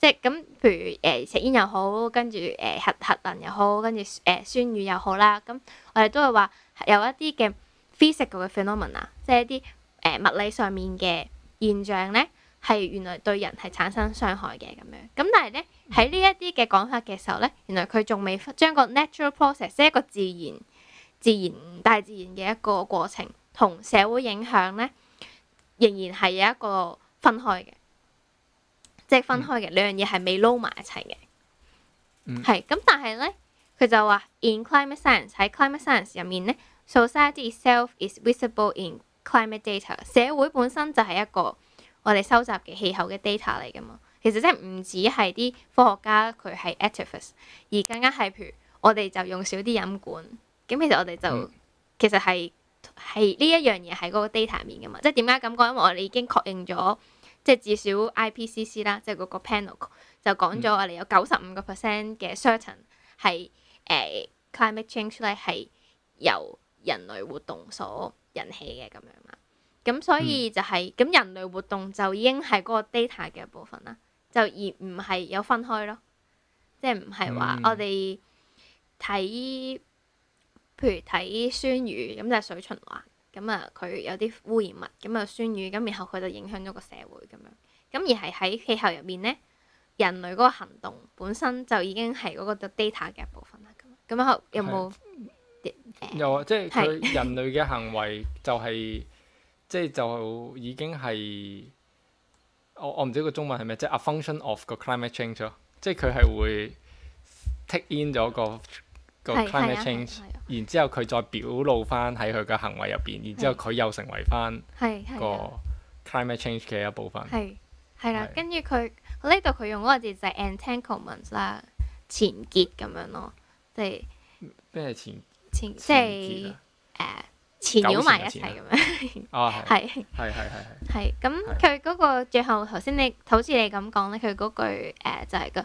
即係咁，譬如誒、呃、食煙又好，跟住誒核核能又好，跟住誒酸雨又好啦。咁我哋都會話有一啲嘅 physical 嘅 phenomena，即係一啲誒、呃、物理上面嘅現象咧，係原來對人係產生傷害嘅咁樣。咁但係咧，喺呢一啲嘅講法嘅時候咧，原來佢仲未將個 natural process，即係一個自然、自然、大自然嘅一個過程同社會影響咧，仍然係有一個分開嘅。即係分開嘅、mm. 兩樣嘢係未撈埋一齊嘅，係咁、mm.。但係咧，佢就話，In climate science 喺 climate science 入面咧，society itself is visible in climate data。社會本身就係一個我哋收集嘅氣候嘅 data 嚟噶嘛。其實即係唔止係啲科學家佢係 atifice，而更加係譬如我哋就用少啲飲管。咁其實我哋就、mm. 其實係係呢一樣嘢喺嗰個 data 面噶嘛。即係點解咁講？因為我哋已經確認咗。即係至少 IPCC 啦，即係嗰個 panel 就講咗我哋有九十五個 percent 嘅 certain 係誒、嗯欸、climate change 咧，係由人類活動所引起嘅咁樣啦。咁所以就係、是，咁、嗯、人類活動就已經係嗰個 data 嘅部分啦，就而唔係有分開咯，即係唔係話我哋睇、嗯、譬如睇酸雨咁就係水循環。咁啊，佢、嗯、有啲污染物，咁、嗯、啊酸雨，咁然後佢就影響咗個社會咁樣。咁而係喺氣候入面咧，人類嗰個行動本身就已經係嗰個 data 嘅一部分啦。咁咁樣有冇？有啊，即係佢人類嘅行為就係、是， 即係就已經係，我我唔知個中文係咩，即、就、係、是、a function of 個 climate change 咯，即係佢係會 take in 咗個。climate change，然之後佢再表露翻喺佢嘅行為入邊，然之後佢又成為翻個 climate change 嘅一部分。係係啦，跟住佢呢度佢用嗰個字就係 entanglement 啦，纏結咁樣咯，即係咩係纏？即係誒纏繞埋一齊咁樣。哦，係係係係係。係咁，佢嗰個最後頭先你好似你咁講咧，佢嗰句誒就係個。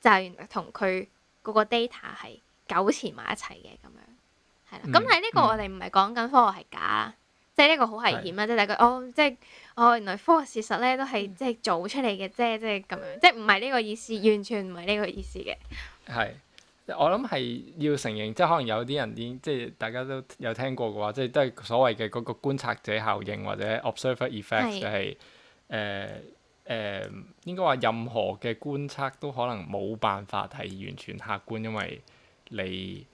就係原來同佢嗰個 data 係糾纏埋一齊嘅咁樣，係啦。咁喺呢個我哋唔係講緊科學係假，即係呢個好危險啊！即係個哦，即係哦，原來科學事實咧都係即係做出嚟嘅，啫即係咁樣，即係唔係呢個意思，完全唔係呢個意思嘅。係，我諗係要承認，即係可能有啲人已經即係大家都有聽過嘅話，即係都係所謂嘅嗰個觀察者效應或者 observer effect 就係，誒誒、呃、應該話任何嘅觀察都可能冇辦法係完全客觀，因為你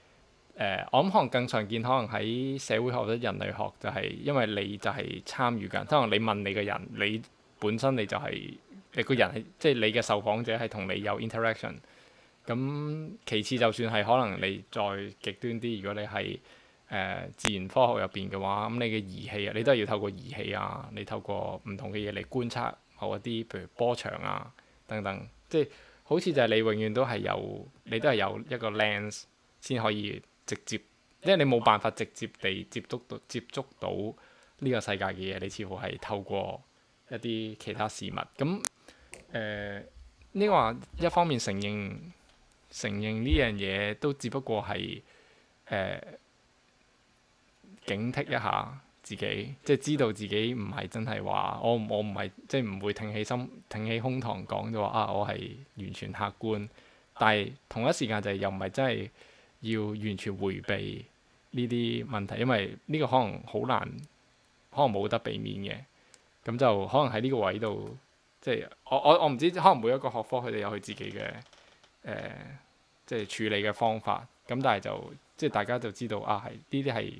誒、呃，我諗可能更常見，可能喺社會學或者人類學就係，因為你就係參與緊，可能你問你嘅人，你本身你就係、是、誒個人係即係你嘅受訪者係同你有 interaction。咁其次，就算係可能你再極端啲，如果你係誒、呃、自然科學入邊嘅話，咁你嘅儀器啊，你都係要透過儀器啊，你透過唔同嘅嘢嚟觀察。學一啲，譬如波長啊等等，即係好似就係你永遠都係有，你都係有一個 lens 先可以直接，即係你冇辦法直接地接觸到接觸到呢個世界嘅嘢，你似乎係透過一啲其他事物。咁誒呢個一方面承認承認呢樣嘢都只不過係誒、呃、警惕一下。自己即係知道自己唔係真係話我我唔係即係唔會挺起心挺起胸膛講就話啊，我係完全客觀，但係同一時間就係又唔係真係要完全回避呢啲問題，因為呢個可能好難，可能冇得避免嘅。咁就可能喺呢個位度，即係我我我唔知可能每一個學科佢哋有佢自己嘅誒、呃，即係處理嘅方法。咁但係就即係大家就知道啊，係呢啲係。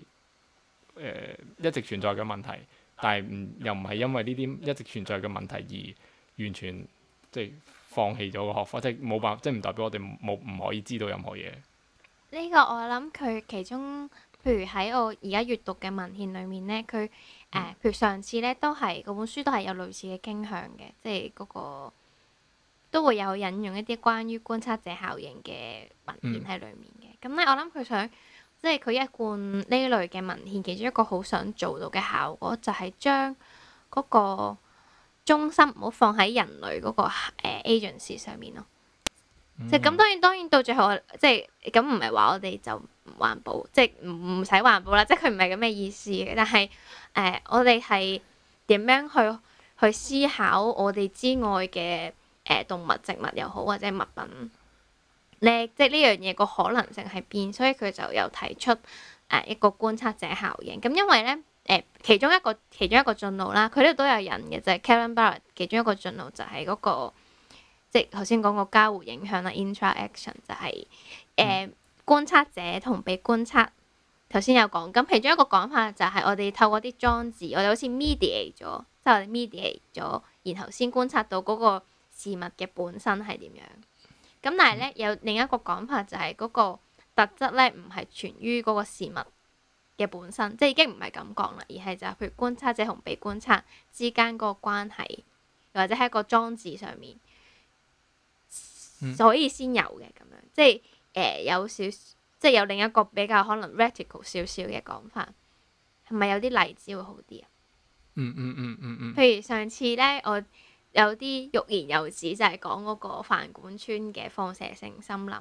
誒、呃、一直存在嘅問題，但係唔又唔係因為呢啲一直存在嘅問題而完全即係放棄咗個學科，即係冇辦法，即係唔代表我哋冇唔可以知道任何嘢。呢個我諗佢其中，譬如喺我而家閱讀嘅文獻裏面呢，佢誒、呃、譬如上次呢都係嗰本書都係有類似嘅傾向嘅，即係嗰、那個都會有引用一啲關於觀察者效應嘅文獻喺裡面嘅。咁咧、嗯、我諗佢想。即係佢一貫呢類嘅文獻，其中一個好想做到嘅效果，就係將嗰個中心唔好放喺人類嗰個、呃、agency 上面咯。嗯、即係咁，當然當然到最後，即係咁唔係話我哋就唔環保，即係唔唔使環保啦。即係佢唔係咁嘅意思嘅，但係誒、呃，我哋係點樣去去思考我哋之外嘅誒、呃、動物、植物又好，或者物品？即係呢樣嘢個可能性係變，所以佢就有提出誒一個觀察者效應。咁因為咧，誒其中一個其中一個進路啦，佢呢度都有人嘅就係。Karen Barad 其中一個進路就係嗰個，即係頭先講個交互影響啦，interaction 就係誒觀察者同被觀察。頭先有講咁，其中一個講法就係我哋透過啲裝置，我哋好似 mediate 咗，即我哋 mediate 咗，然後先觀察到嗰個事物嘅本身係點樣。咁但係咧有另一個講法就係嗰個特質咧唔係存於嗰個事物嘅本身，即係已經唔係咁講啦，而係就係譬如觀察者同被觀察之間嗰個關係，或者喺一個裝置上面，所以先有嘅咁樣。即係誒、呃、有少即係有另一個比較可能 radical 少少嘅講法，係咪有啲例子會好啲啊、嗯？嗯嗯嗯嗯嗯。嗯嗯譬如上次咧我。有啲欲言又止，就係、是、講嗰個飯館村嘅放射性森林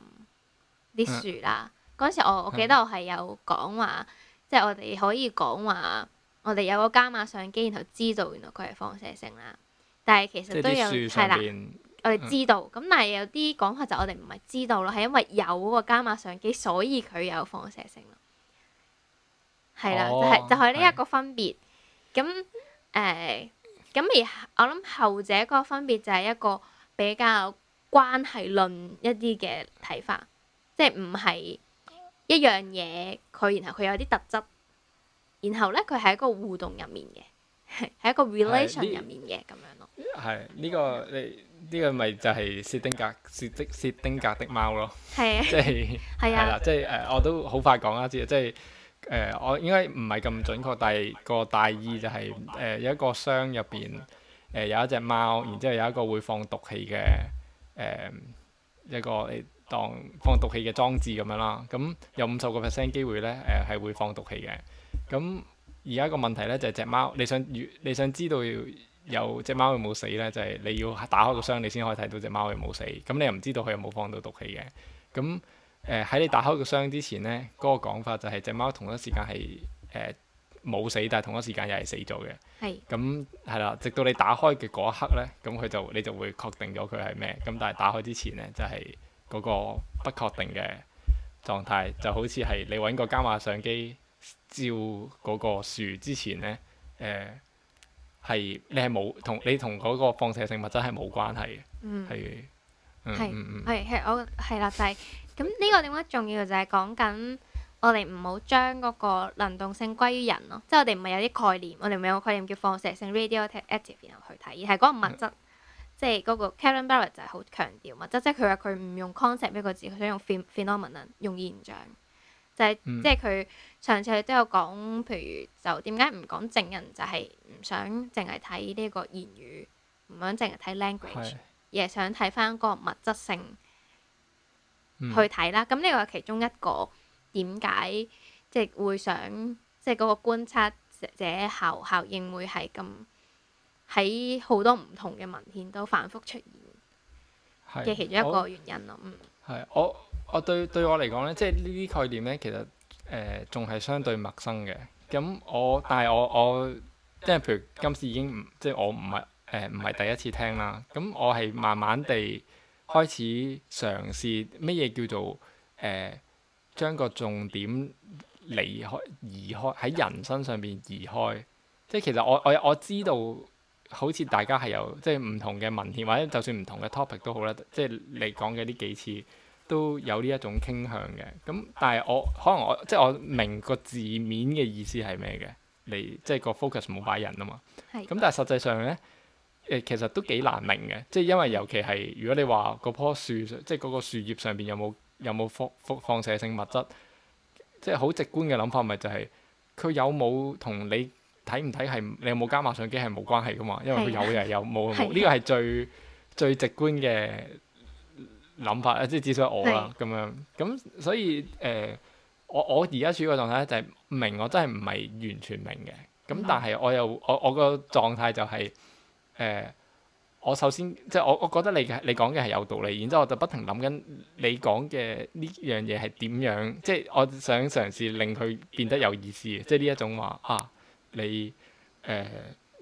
啲樹啦。嗰陣、嗯、時我，我我記得我係有講話，嗯、即係我哋可以講話，我哋有個伽馬相機，然後知道原來佢係放射性啦。但係其實都有係啦，我哋知道。咁但係有啲講法就我哋唔係知道咯，係因為有嗰個伽馬相機，所以佢有放射性咯。係啦、哦就係，就係就係呢一個分別。咁誒的。咁而我諗後者個分別就係一個比較關係論一啲嘅睇法，即係唔係一樣嘢佢，然後佢有啲特質，然後咧佢喺一個互動入面嘅，喺一個 relation 入面嘅咁樣咯。係呢、這個你呢個咪就係薛丁格薛丁薛丁格的貓咯，即係係啦，即係誒我都好快講一啲啊，即係。誒、呃，我應該唔係咁準確，但係個大意就係誒有一個箱入邊誒有一隻貓，然之後有一個會放毒氣嘅誒、呃、一個當放毒氣嘅裝置咁樣啦。咁、嗯、有五十個 percent 機會咧誒係會放毒氣嘅。咁而家個問題咧就係、是、隻貓，你想越你想知道有隻貓有冇死咧，就係、是、你要打開個箱你先可以睇到隻貓有冇死。咁、嗯、你又唔知道佢有冇放到毒氣嘅咁。嗯誒喺、呃、你打開個箱之前呢，嗰、那個講法就係隻貓同一時間係誒冇死，但係同一時間又係死咗嘅。係咁係啦，直到你打開嘅嗰一刻呢，咁佢就你就會確定咗佢係咩？咁但係打開之前呢，就係、是、嗰個不確定嘅狀態，就好似係你揾個加碼相機照嗰個樹之前呢，誒、呃、係你係冇同你同嗰個放射性物質係冇關係嘅、嗯。嗯，係係係係啦，就係、嗯。嗯咁呢個點解重要就係講緊我哋唔好將嗰個能動性歸於人咯，即、就、係、是、我哋唔係有啲概念，我哋唔係有個概念叫放射性 （radioactive） 然後去睇，而係嗰個物質，即係嗰個 Karen Barrett 就係好強調物質，即係佢話佢唔用 concept 一個字，佢想用 phenomenon 用現象，就係即係佢上次都有講，譬如就點解唔講證人就係、是、唔想淨係睇呢個言語，唔想淨係睇 language，是而係想睇翻嗰個物質性。嗯、去睇啦，咁呢個係其中一個點解即係會想即係嗰個觀察者效效應，會係咁喺好多唔同嘅文獻都反覆出現嘅其中一個原因咯。嗯，係我我對對我嚟講咧，即係呢啲概念咧，其實誒仲係相對陌生嘅。咁我但係我我即係、即係、譬如今次已經唔即係我唔係誒唔係第一次聽啦。咁我係慢慢地。開始嘗試乜嘢叫做誒、呃、將個重點離開移開喺人身上邊移開，即係其實我我我知道好似大家係有即係唔同嘅文獻或者就算唔同嘅 topic 都好咧，即係你講嘅呢幾次都有呢一種傾向嘅。咁但係我可能我即係我明個字面嘅意思係咩嘅，你即係個 focus 冇擺人啊嘛。咁是但係實際上咧。誒其實都幾難明嘅，即係因為尤其係如果你話嗰棵樹，即係嗰個樹葉上邊有冇有冇放放射性物質，即係好直觀嘅諗法、就是，咪就係佢有冇同你睇唔睇係你有冇加碼相機係冇關係噶嘛？因為佢有嘅有冇呢、 呢個係最最直觀嘅諗法啦，即係至少係我啦咁 樣咁，所以誒、呃、我我而家處於嘅狀態就係明，我真係唔係完全明嘅，咁但係我又我我個狀態就係、是。誒、呃，我首先即係我，我覺得你嘅、你講嘅係有道理。然之後我就不停諗緊你講嘅呢樣嘢係點樣，即係我想嘗試令佢變得有意思。即係呢一種話啊，你誒、呃、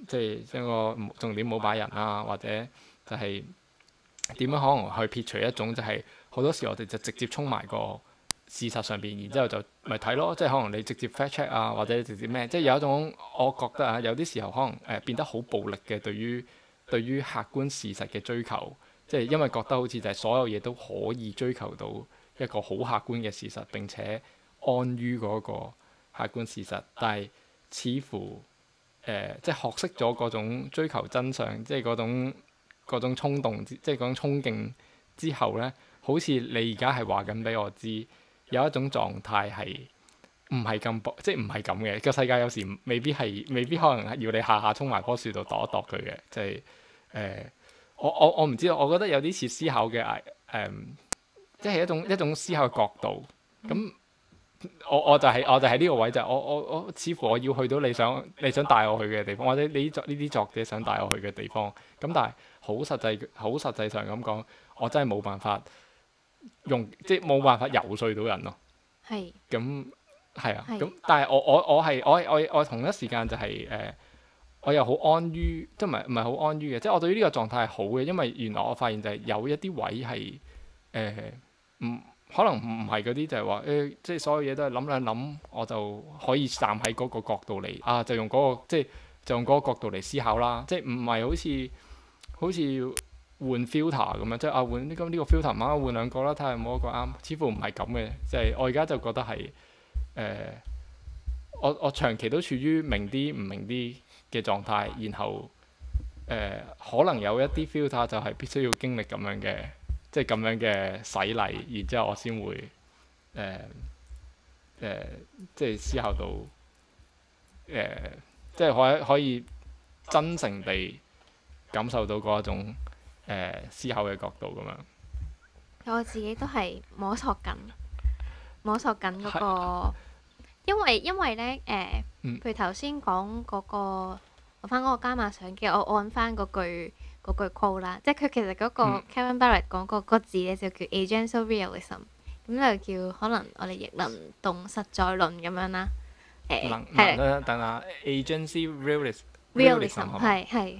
即係將個重點冇擺人啊，或者就係點樣可能去撇除一種就係好多時我哋就直接衝埋個事實上邊，然之後就。咪睇咯，即係、 就是、可能你直接 fact check 啊，或者直接咩？即、就、係、是、有一種我覺得啊，有啲時候可能誒、呃、變得好暴力嘅，對於對於客觀事實嘅追求，即、就、係、是、因為覺得好似就係所有嘢都可以追求到一個好客觀嘅事實，並且安於嗰個客觀事實。但係似乎誒，即、呃、係、就是、學識咗嗰種追求真相，即係嗰種嗰種衝動，即係嗰種衝勁之後咧，好似你而家係話緊俾我知。有一種狀態係唔係咁薄，即係唔係咁嘅個世界，有時未必係，未必可能要你下下衝埋棵樹度度一度佢嘅，即係誒、呃，我我我唔知道，我覺得有啲似思考嘅誒、呃，即係一種一種思考嘅角度。咁、嗯、我我就係、是、我就喺呢個位就，我我我似乎我要去到你想你想帶我去嘅地方，或者你作呢啲作者想帶我去嘅地方，咁但係好實際好實際上咁講，我真係冇辦法。用即係冇辦法游説到人咯，係咁係啊，咁但係我我我係我係我我同一時間就係、係、誒、呃，我又好安於，即係唔係唔係好安於嘅，即係我對於呢個狀態係好嘅，因為原來我發現就係有一啲位係誒，唔、呃、可能唔係嗰啲就係話誒，即係所有嘢都係諗兩諗，我就可以站喺嗰個角度嚟啊，就用嗰、嗰個即係就用嗰個角度嚟思考啦，即係唔係好似好似。換 filter 咁樣，換 ter，即係啊換呢咁呢個 filter，慢慢換兩個啦，睇下冇一個啱。似乎唔係咁嘅，即、就、係、是、我而家就覺得係誒、呃、我我長期都處於明啲唔明啲嘅狀態，然後誒、呃、可能有一啲 filter 就係必須要經歷咁樣嘅，即係咁樣嘅洗禮，然之後我先會誒誒、呃呃，即係思考到誒、呃，即係可以可以真誠地感受到嗰一種。誒、呃、思考嘅角度咁樣，我自己都係摸索緊，摸索緊嗰、那個是因，因為因為咧誒，譬如頭先講嗰個，我翻嗰個加碼相機，我按翻嗰句嗰句 call 啦，即係佢其實嗰個 Kevin Barrett 講嗰個字咧就叫 agency realism，咁就叫可能我哋亦能動實在論咁樣啦，誒、呃，係、啊、的等下 agency realism，係、係。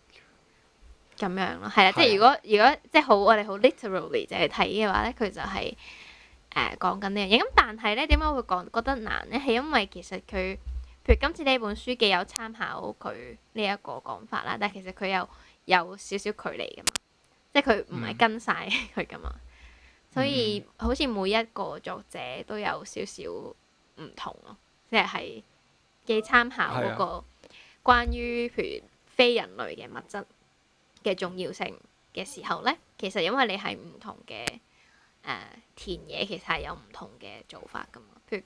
咁樣咯，係啊的，即係如果如果即係好，我哋好 literally 就係睇嘅話咧，佢就係誒講緊呢樣嘢。咁、呃、但係咧，點解會講覺得難咧？係因為其實佢譬如今次呢本書，既有參考佢呢一個講法啦，但係其實佢又有少少距離嘅嘛，即係佢唔係跟晒佢噶嘛。嗯、所以、嗯、好似每一個作者都有少少唔同咯、啊，即係既參考嗰個關於譬的如非人類嘅物質。嘅重要性嘅時候咧，其實因為你係唔同嘅誒、呃、田野，其實係有唔同嘅做法噶嘛。譬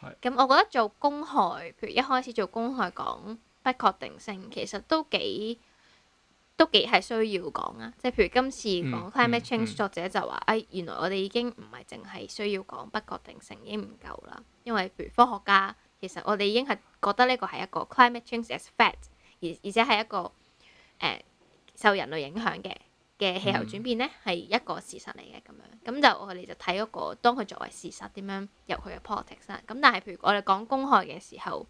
如咁，是我覺得做公害，譬如一開始做公害講不確定性，其實都幾都幾係需要講啊。即係譬如今次講 climate change、嗯嗯嗯、作者就話：哎，原來我哋已經唔係淨係需要講不確定性已經唔夠啦。因為譬如科學家其實我哋已經係覺得呢個係一個 climate change as fact，而而且係一個誒。呃受人類影響嘅嘅氣候轉變咧，係、嗯、一個事實嚟嘅咁樣。咁就我哋就睇嗰個當佢作為事實點樣入去嘅 politics。咁、啊、但係譬如我哋講公害嘅時候，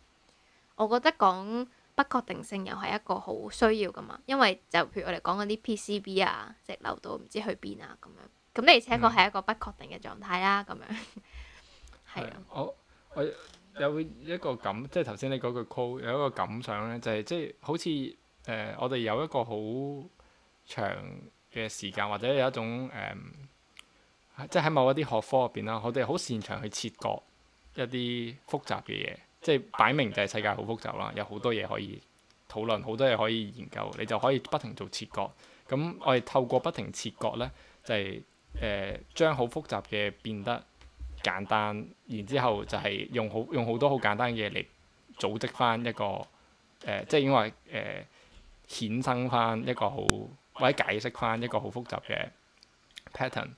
我覺得講不確定性又係一個好需要噶嘛。因為就譬如我哋講嗰啲 PCB 啊，直流到唔知去邊啊咁樣。咁你而且個係一個不確定嘅狀態啦。咁、嗯、樣係啊。我我有一個感，即係頭先你嗰句 call 有一個感想咧，就係即係好似。誒、呃，我哋有一個好長嘅時間，或者有一種誒、呃，即係喺某一啲學科入邊啦，我哋好擅長去切割一啲複雜嘅嘢，即係擺明就係世界好複雜啦，有好多嘢可以討論，好多嘢可以研究，你就可以不停做切割。咁我哋透過不停切割呢，就係誒將好複雜嘅變得簡單，然之後就係用好用好多好簡單嘅嘢嚟組織翻一個誒、呃，即係因為誒。呃衍生翻一個好，或者解釋翻一個好複雜嘅 pattern。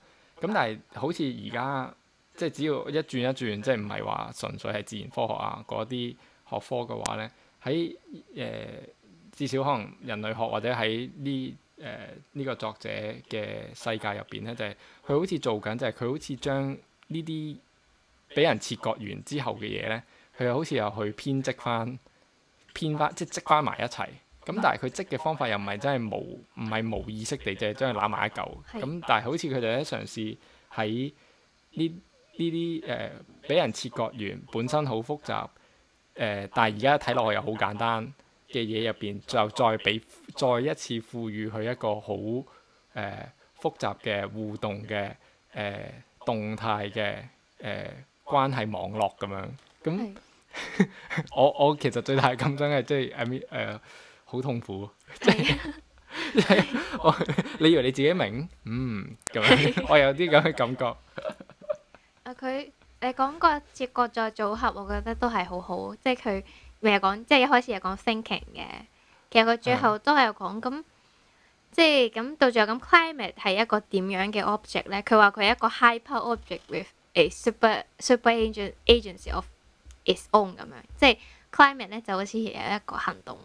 咁但係好似而家即係只要一轉一轉，即係唔係話純粹係自然科學啊嗰啲學科嘅話呢，喺誒、呃、至少可能人類學或者喺呢誒呢個作者嘅世界入邊呢，就係、是、佢好似做緊就係、是、佢好似將呢啲俾人切割完之後嘅嘢呢，佢又好似又去編織翻編翻即係織翻埋一齊。咁但係佢積嘅方法又唔係真係無，唔係無意識地，即係將佢攬埋一嚿。咁是但係好似佢哋喺嘗試喺呢呢啲誒俾人切割完本身好複雜誒、呃，但係而家睇落去又好簡單嘅嘢入邊，就再俾再一次賦予佢一個好誒、呃、複雜嘅互動嘅誒、呃、動態嘅誒關係網絡咁樣。咁是 我我其實最大嘅感想係即係阿咪好痛苦，即係 即係 你以為你自己明，嗯咁樣，我有啲咁嘅感覺。啊，佢你講過接過再組合，我覺得都係好好，即係佢未係講即係一開始係講 thinking 嘅，其實佢最後都係講咁，即係咁到最後咁 climate 係一個點樣嘅 object 咧？佢話佢係一個 hyper object with a super super agency of its own 咁樣，即係 climate 咧就好似有一個行動。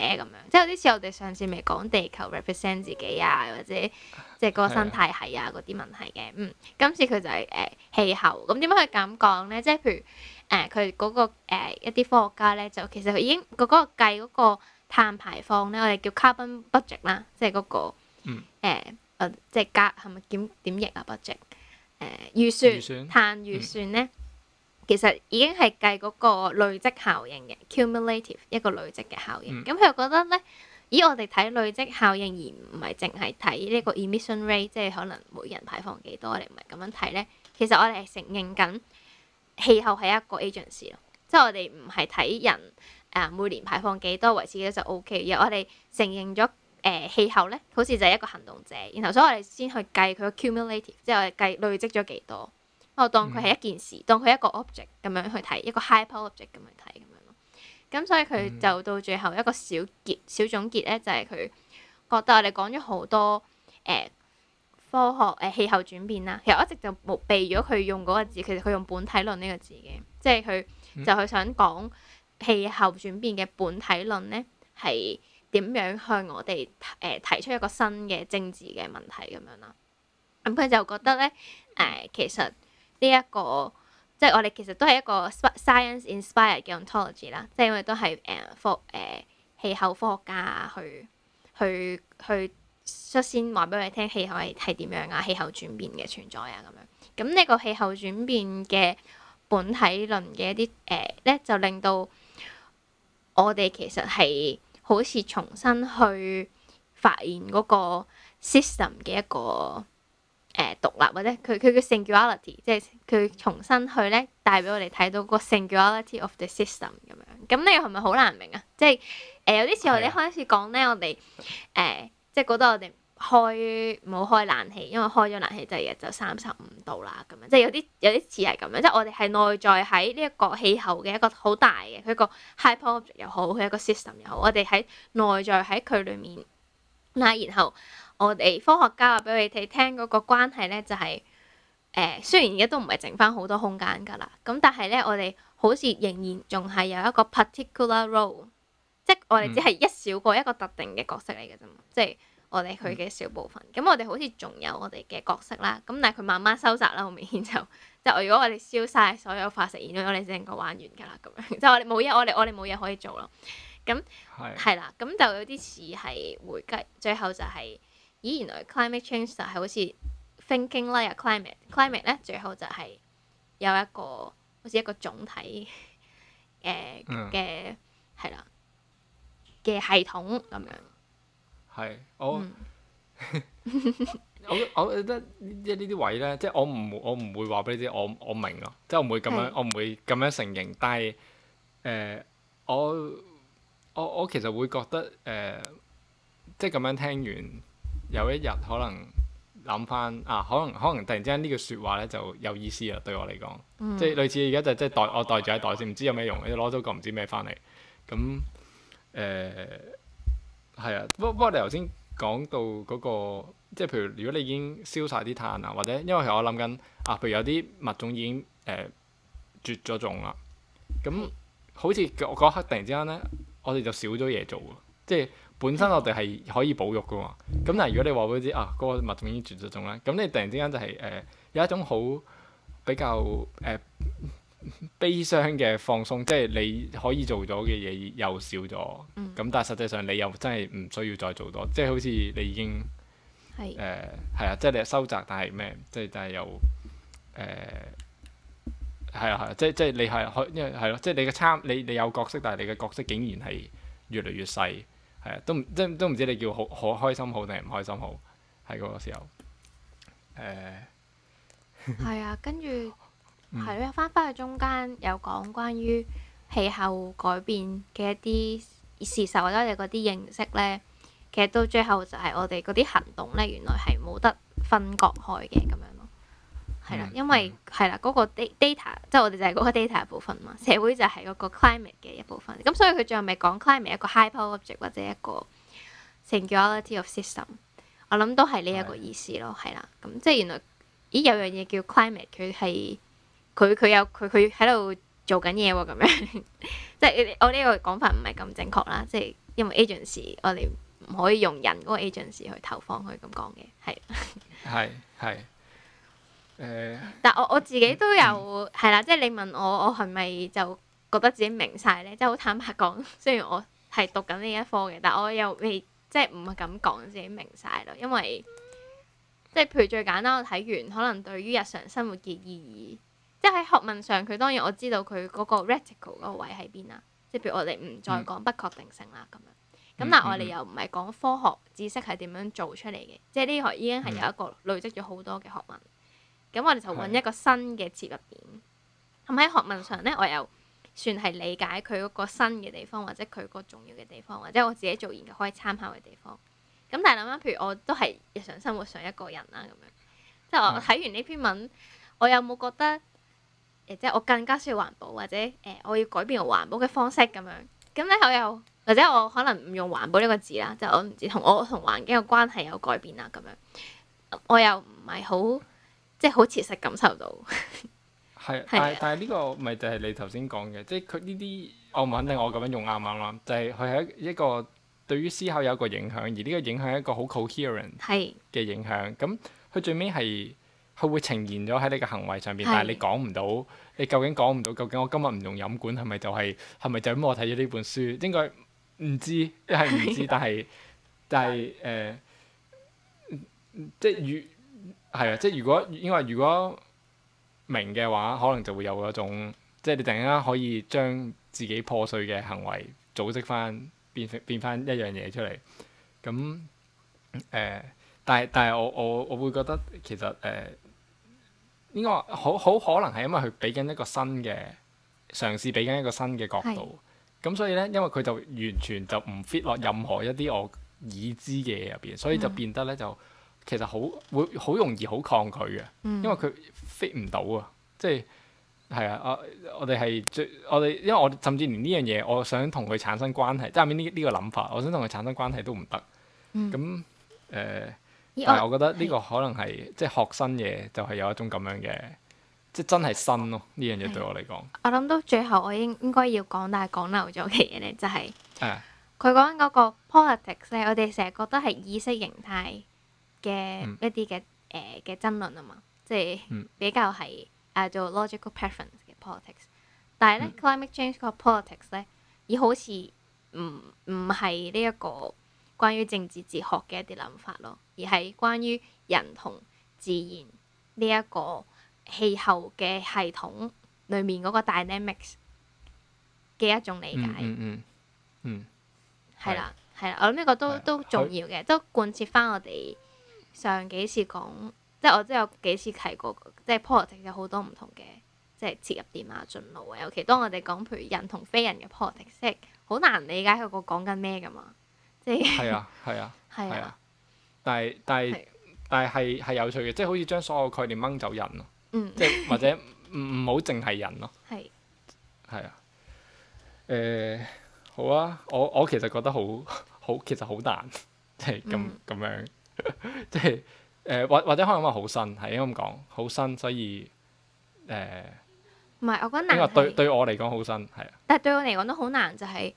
咁樣，即係有啲似我哋上次咪講地球 represent 自己啊，或者即係個生態系啊嗰啲問題嘅。嗯，今次佢就係誒氣候，咁點解佢咁講咧？即係譬如誒佢嗰個、呃、一啲科學家咧，就其實佢已經嗰、嗰個計嗰個碳排放咧，我哋叫 carbon budget 啦，即係、嗰、嗰個誒、嗯呃、即係加係咪減點譯啊 budget 誒預算碳預、呃、算咧。其實已經係計嗰個累積效應嘅 cumulative 一個累積嘅效應。咁佢又覺得咧，咦？我哋睇累積效應而唔係淨係睇呢個 emission rate，即係可能每人排放幾多，你唔係咁樣睇咧。其實我哋係承認緊氣候係一個 agency 咯，即係我哋唔係睇人誒每年排放幾多為止，就 OK。而我哋承認咗誒、呃、氣候咧，好似就係一個行動者。然後所以我哋先去計佢嘅 cumulative，即係我哋計累積咗幾多。我當佢係一件事，當佢一個 object 咁樣去睇，一個 hyper object 咁去睇咁樣咯。咁所以佢就到最後一個小結、小總結咧，就係、是、佢覺得我哋講咗好多誒、呃、科學誒、呃、氣候轉變啦。其實我一直就冇避咗佢用嗰個字，其實佢用本體論呢個字嘅，即係佢就係想講氣候轉變嘅本體論咧係點樣向我哋誒、呃、提出一個新嘅政治嘅問題咁樣啦。咁、嗯、佢就覺得咧誒、呃、其實。呢一個即係我哋其實都係一個 science inspired 嘅 ontology 啦，即係因為都係誒科誒氣候科學家、啊、去去去率先話俾我哋聽氣候係係點樣啊，氣候轉變嘅存在啊咁樣。咁呢個氣候轉變嘅本體論嘅一啲誒咧，uh, 就令到我哋其實係好似重新去發現嗰個 system 嘅一個。誒、呃、獨立或者佢佢嘅 singularity，即係佢重新去咧帶俾我哋睇到個 singularity of the system 咁樣。咁呢個係咪好難明啊？即係誒、呃、有啲時候你開始講咧，的我哋誒、呃、即係覺得我哋唔好開冷氣，因為開咗冷氣就日就三十五度啦咁樣。即係有啲有啲似係咁樣，即係我哋係內在喺呢一個氣候嘅一個好大嘅佢一個 hyper object 又好，佢一個 system 又好，我哋喺內在喺佢裡面。嗱、嗯，然後。我哋科學家話俾你哋聽，嗰、那個關係咧就係、是、誒、呃，雖然而家都唔係剩翻好多空間㗎啦，咁但係咧，我哋好似仍然仲係有一個 particular role，即係我哋只係一小個一個特定嘅角色嚟㗎啫嘛，嗯、即係我哋佢嘅小部分。咁、嗯、我哋好似仲有我哋嘅角色啦，咁但係佢慢慢收窄啦，好明顯就即係如果我哋燒晒所有化石，然後我哋成個玩完㗎啦，咁樣即係我哋冇嘢，我哋我哋冇嘢可以做咯。咁係係啦，咁就有啲似係回歸，最後就係、是。咦，原來 climate change 就係好似 thinking like a climate, climate，climate 咧，最後就係有一個好似一個總體誒嘅係啦嘅系統咁樣。係，我、嗯、 我我覺得即係呢啲位咧，即係我唔我唔會話俾你知，我我，我明咯，即係我唔會咁樣，是我唔會咁樣承認，但係誒、呃、我我我其實會覺得誒、呃、即係咁樣聽完。有一日可能諗翻啊，可能可能突然之間說呢句説話咧就有意思啦，對我嚟講，嗯、即係類似而家就即係袋我袋住喺袋先，唔知有咩用，又攞咗個唔知咩翻嚟。咁誒係啊，不過不過你頭先講到嗰、嗰個，即係譬如如果你已經燒晒啲碳啊，或者因為我諗緊啊，譬如有啲物種已經誒、呃、絕咗種啦，咁、嗯、好似我嗰刻突然之間咧，我哋就少咗嘢做即係。本身我哋係可以保育噶嘛，咁但係如果你話俾佢知啊，嗰、那個物種已經絕咗種啦，咁你突然之間就係、是、誒、呃、有一種好比較誒、呃、悲傷嘅放鬆，即係你可以做咗嘅嘢又少咗，咁、嗯、但係實際上你又真係唔需要再做多，即係好似你已經係誒係啊，即係你收窄，但係咩？即係但係又誒係啊係啊，即係即係你係可因為係咯，即係你嘅參你參你，你有角色，但係你嘅角色竟然係越嚟越細。係啊，都唔即都唔知你叫好好開心好定係唔開心好，喺嗰個時候。誒，係啊，跟住係咯，翻返去中間有講關於氣候改變嘅一啲事實或者係嗰啲認識咧，其實到最後就係我哋嗰啲行動咧，原來係冇得分割開嘅咁樣。因為係啦，嗰、嗯嗰個 data 即係我哋就係嗰個 data 部分嘛，社會就係嗰個 climate 嘅一部分。咁所以佢最後咪講 climate 一個 hyper object 或者一個 singularity of system，我諗都係呢一個意思咯。係啦是，咁即係原來咦有樣嘢叫 climate，佢係佢佢有佢佢喺度做緊嘢喎，咁樣即係我呢個講法唔係咁正確啦。即係因為 agency，我哋唔可以用人嗰個 agency 去投放佢咁講嘅，係係係。但我我自己都有係啦、嗯，即係你問我，我係咪就覺得自己明晒咧？即係好坦白講，雖然我係讀緊呢一科嘅，但我又未即係唔敢講自己明晒咯，因為即係譬如最簡單，我睇完可能對於日常生活嘅意義，即係喺學問上，佢當然我知道佢嗰個 radical 嗰個位喺邊啦。即係譬如我哋唔再講不確定性啦，咁、嗯、樣咁，但係我哋又唔係講科學知識係點樣做出嚟嘅，即係呢學已經係有一個累積咗好多嘅學問。咁我哋就揾一個新嘅切入點，咁喺學問上咧，我又算係理解佢嗰個新嘅地方，或者佢個重要嘅地方，或者我自己做研究可以參考嘅地方。咁但係諗翻，譬如我都係日常生活上一個人啦，咁樣，即係我睇完呢篇文，我有冇覺得誒，即係我更加需要環保，或者誒，我要改變環保嘅方式咁樣。咁咧，我又或者我可能唔用環保呢個字啦，就我唔知同我同環境嘅關係有改變啦，咁樣，我又唔係好。即係好切實感受到，係， 但係但係呢個咪就係你頭先講嘅，即係佢呢啲，我唔肯定我咁樣用啱唔啱，嗯嗯、就係佢係一一個對於思考有一個影響，而呢個影響係一個好 coherent 嘅影響，咁佢是最尾係佢會呈現咗喺你嘅行為上邊，是但係你講唔到，你究竟講唔到，究竟我今日唔用飲管係咪就係係咪就咁？我睇咗呢本書應該唔知係唔知， 但係但係誒，即係越。係啊，即係如果因為如果明嘅話，可能就會有一種，即係你突然間可以將自己破碎嘅行為組織翻，變成變翻一樣嘢出嚟。咁誒、呃，但係但係我我我會覺得其實誒、呃，應該好好可能係因為佢俾緊一個新嘅嘗試，俾緊一個新嘅角度。咁的所以咧，因為佢就完全就唔 fit 落任何一啲我已知嘅嘢入邊，所以就變得咧就。嗯其實好會好容易好抗拒嘅，因為佢 fit 唔到啊！嗯、即係係啊！我哋係最我哋，因為我甚至連呢樣嘢，我想同佢產生關係，即係後呢呢個諗法，我想同佢產生關係都唔得。咁誒、嗯，呃、我但係我覺得呢個可能係、啊、即係學新嘢，就係有一種咁樣嘅，即係真係新咯。呢樣嘢對我嚟講，我諗到最後我應應該要講,講、就是，但係講漏咗嘅嘢咧，就係佢講緊嗰個 politics 咧，我哋成日覺得係意識形態。嘅一啲嘅誒嘅爭論啊嘛，即係比較係嗌、嗯啊、做 logical preference 嘅 politics，但係咧、嗯、climate change 個 politics 咧，已好似唔唔係呢一個關於政治哲學嘅一啲諗法咯，而係關於人同自然呢一個氣候嘅系統裏面嗰個 dynamics 嘅一種理解。嗯係、嗯嗯嗯、啦係是啦，我諗呢個都是都重要嘅，都好貫徹翻我哋。上幾次講，即係我即係有幾次提過、那個，即係 politics 有好多唔同嘅即係切入點啊、進路啊。尤其當我哋講譬如人同非人嘅 politics 時，好難理解佢個講緊咩㗎嘛。即係係啊，係啊，係啊。但係但係但係係係有趣嘅，即係好似將所有概念掹走人咯。即係、嗯、或者唔唔好淨係人咯。係。係啊。誒、 啊，好啊！我我其實覺得好好，其實好難，即係咁咁樣。即係誒，或、 就是呃、或者可能話好新，係應該咁講，好新，所以誒，唔、呃、係我覺得難因為對是對，對我嚟講好新係啊，但係對我嚟講都好難、就是，就係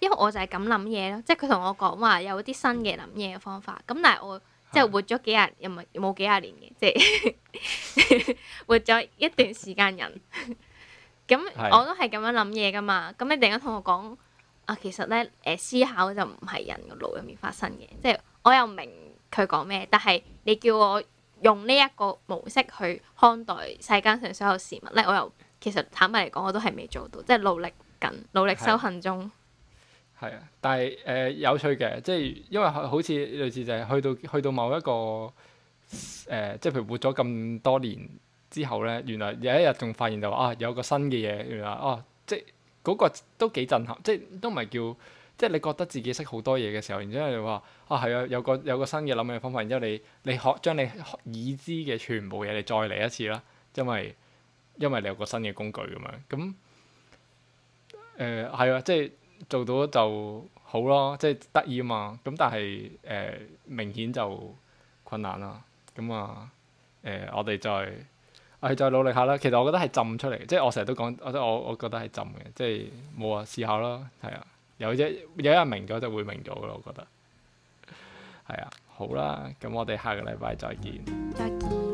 因為我就係咁諗嘢咯。即係佢同我講話有啲新嘅諗嘢嘅方法咁，但係我即係、就是、活咗幾廿又冇幾廿年嘅，即、就、係、是、 活咗一段時間人咁， 我都係咁樣諗嘢噶嘛。咁你突然間同我講啊，其實咧誒、呃、思考就唔係人個腦入面發生嘅，即、就、係、是、我又明。佢講咩？但係你叫我用呢一個模式去看待世間上所有事物咧，我又其實坦白嚟講，我都係未做到，即係努力緊，努力修行中。係啊，但係誒、呃、有趣嘅，即係因為好似類似就係去到去到某一個誒、呃，即係譬如活咗咁多年之後咧，原來有一日仲發現就話啊，有個新嘅嘢，原來哦、啊，即係嗰、那個都幾震撼，即係都唔係叫。即係你覺得自己識好多嘢嘅時候，然之後你話啊係啊，有個有個新嘅諗嘅方法。然之後你你學將你已知嘅全部嘢你再嚟一次啦，因為因為你有個新嘅工具咁樣咁誒係啊，即係做到就好咯，即係得意啊嘛。咁但係誒、呃、明顯就困難啦。咁啊誒我哋再我哋再努力下啦。其實我覺得係浸出嚟，即係我成日都講，我我我覺得係浸嘅，即係冇啊試下咯，係啊。有一有一日明咗就會明到㗎喇，我覺得係啊， 好啦，咁我哋下個禮拜再見。再見。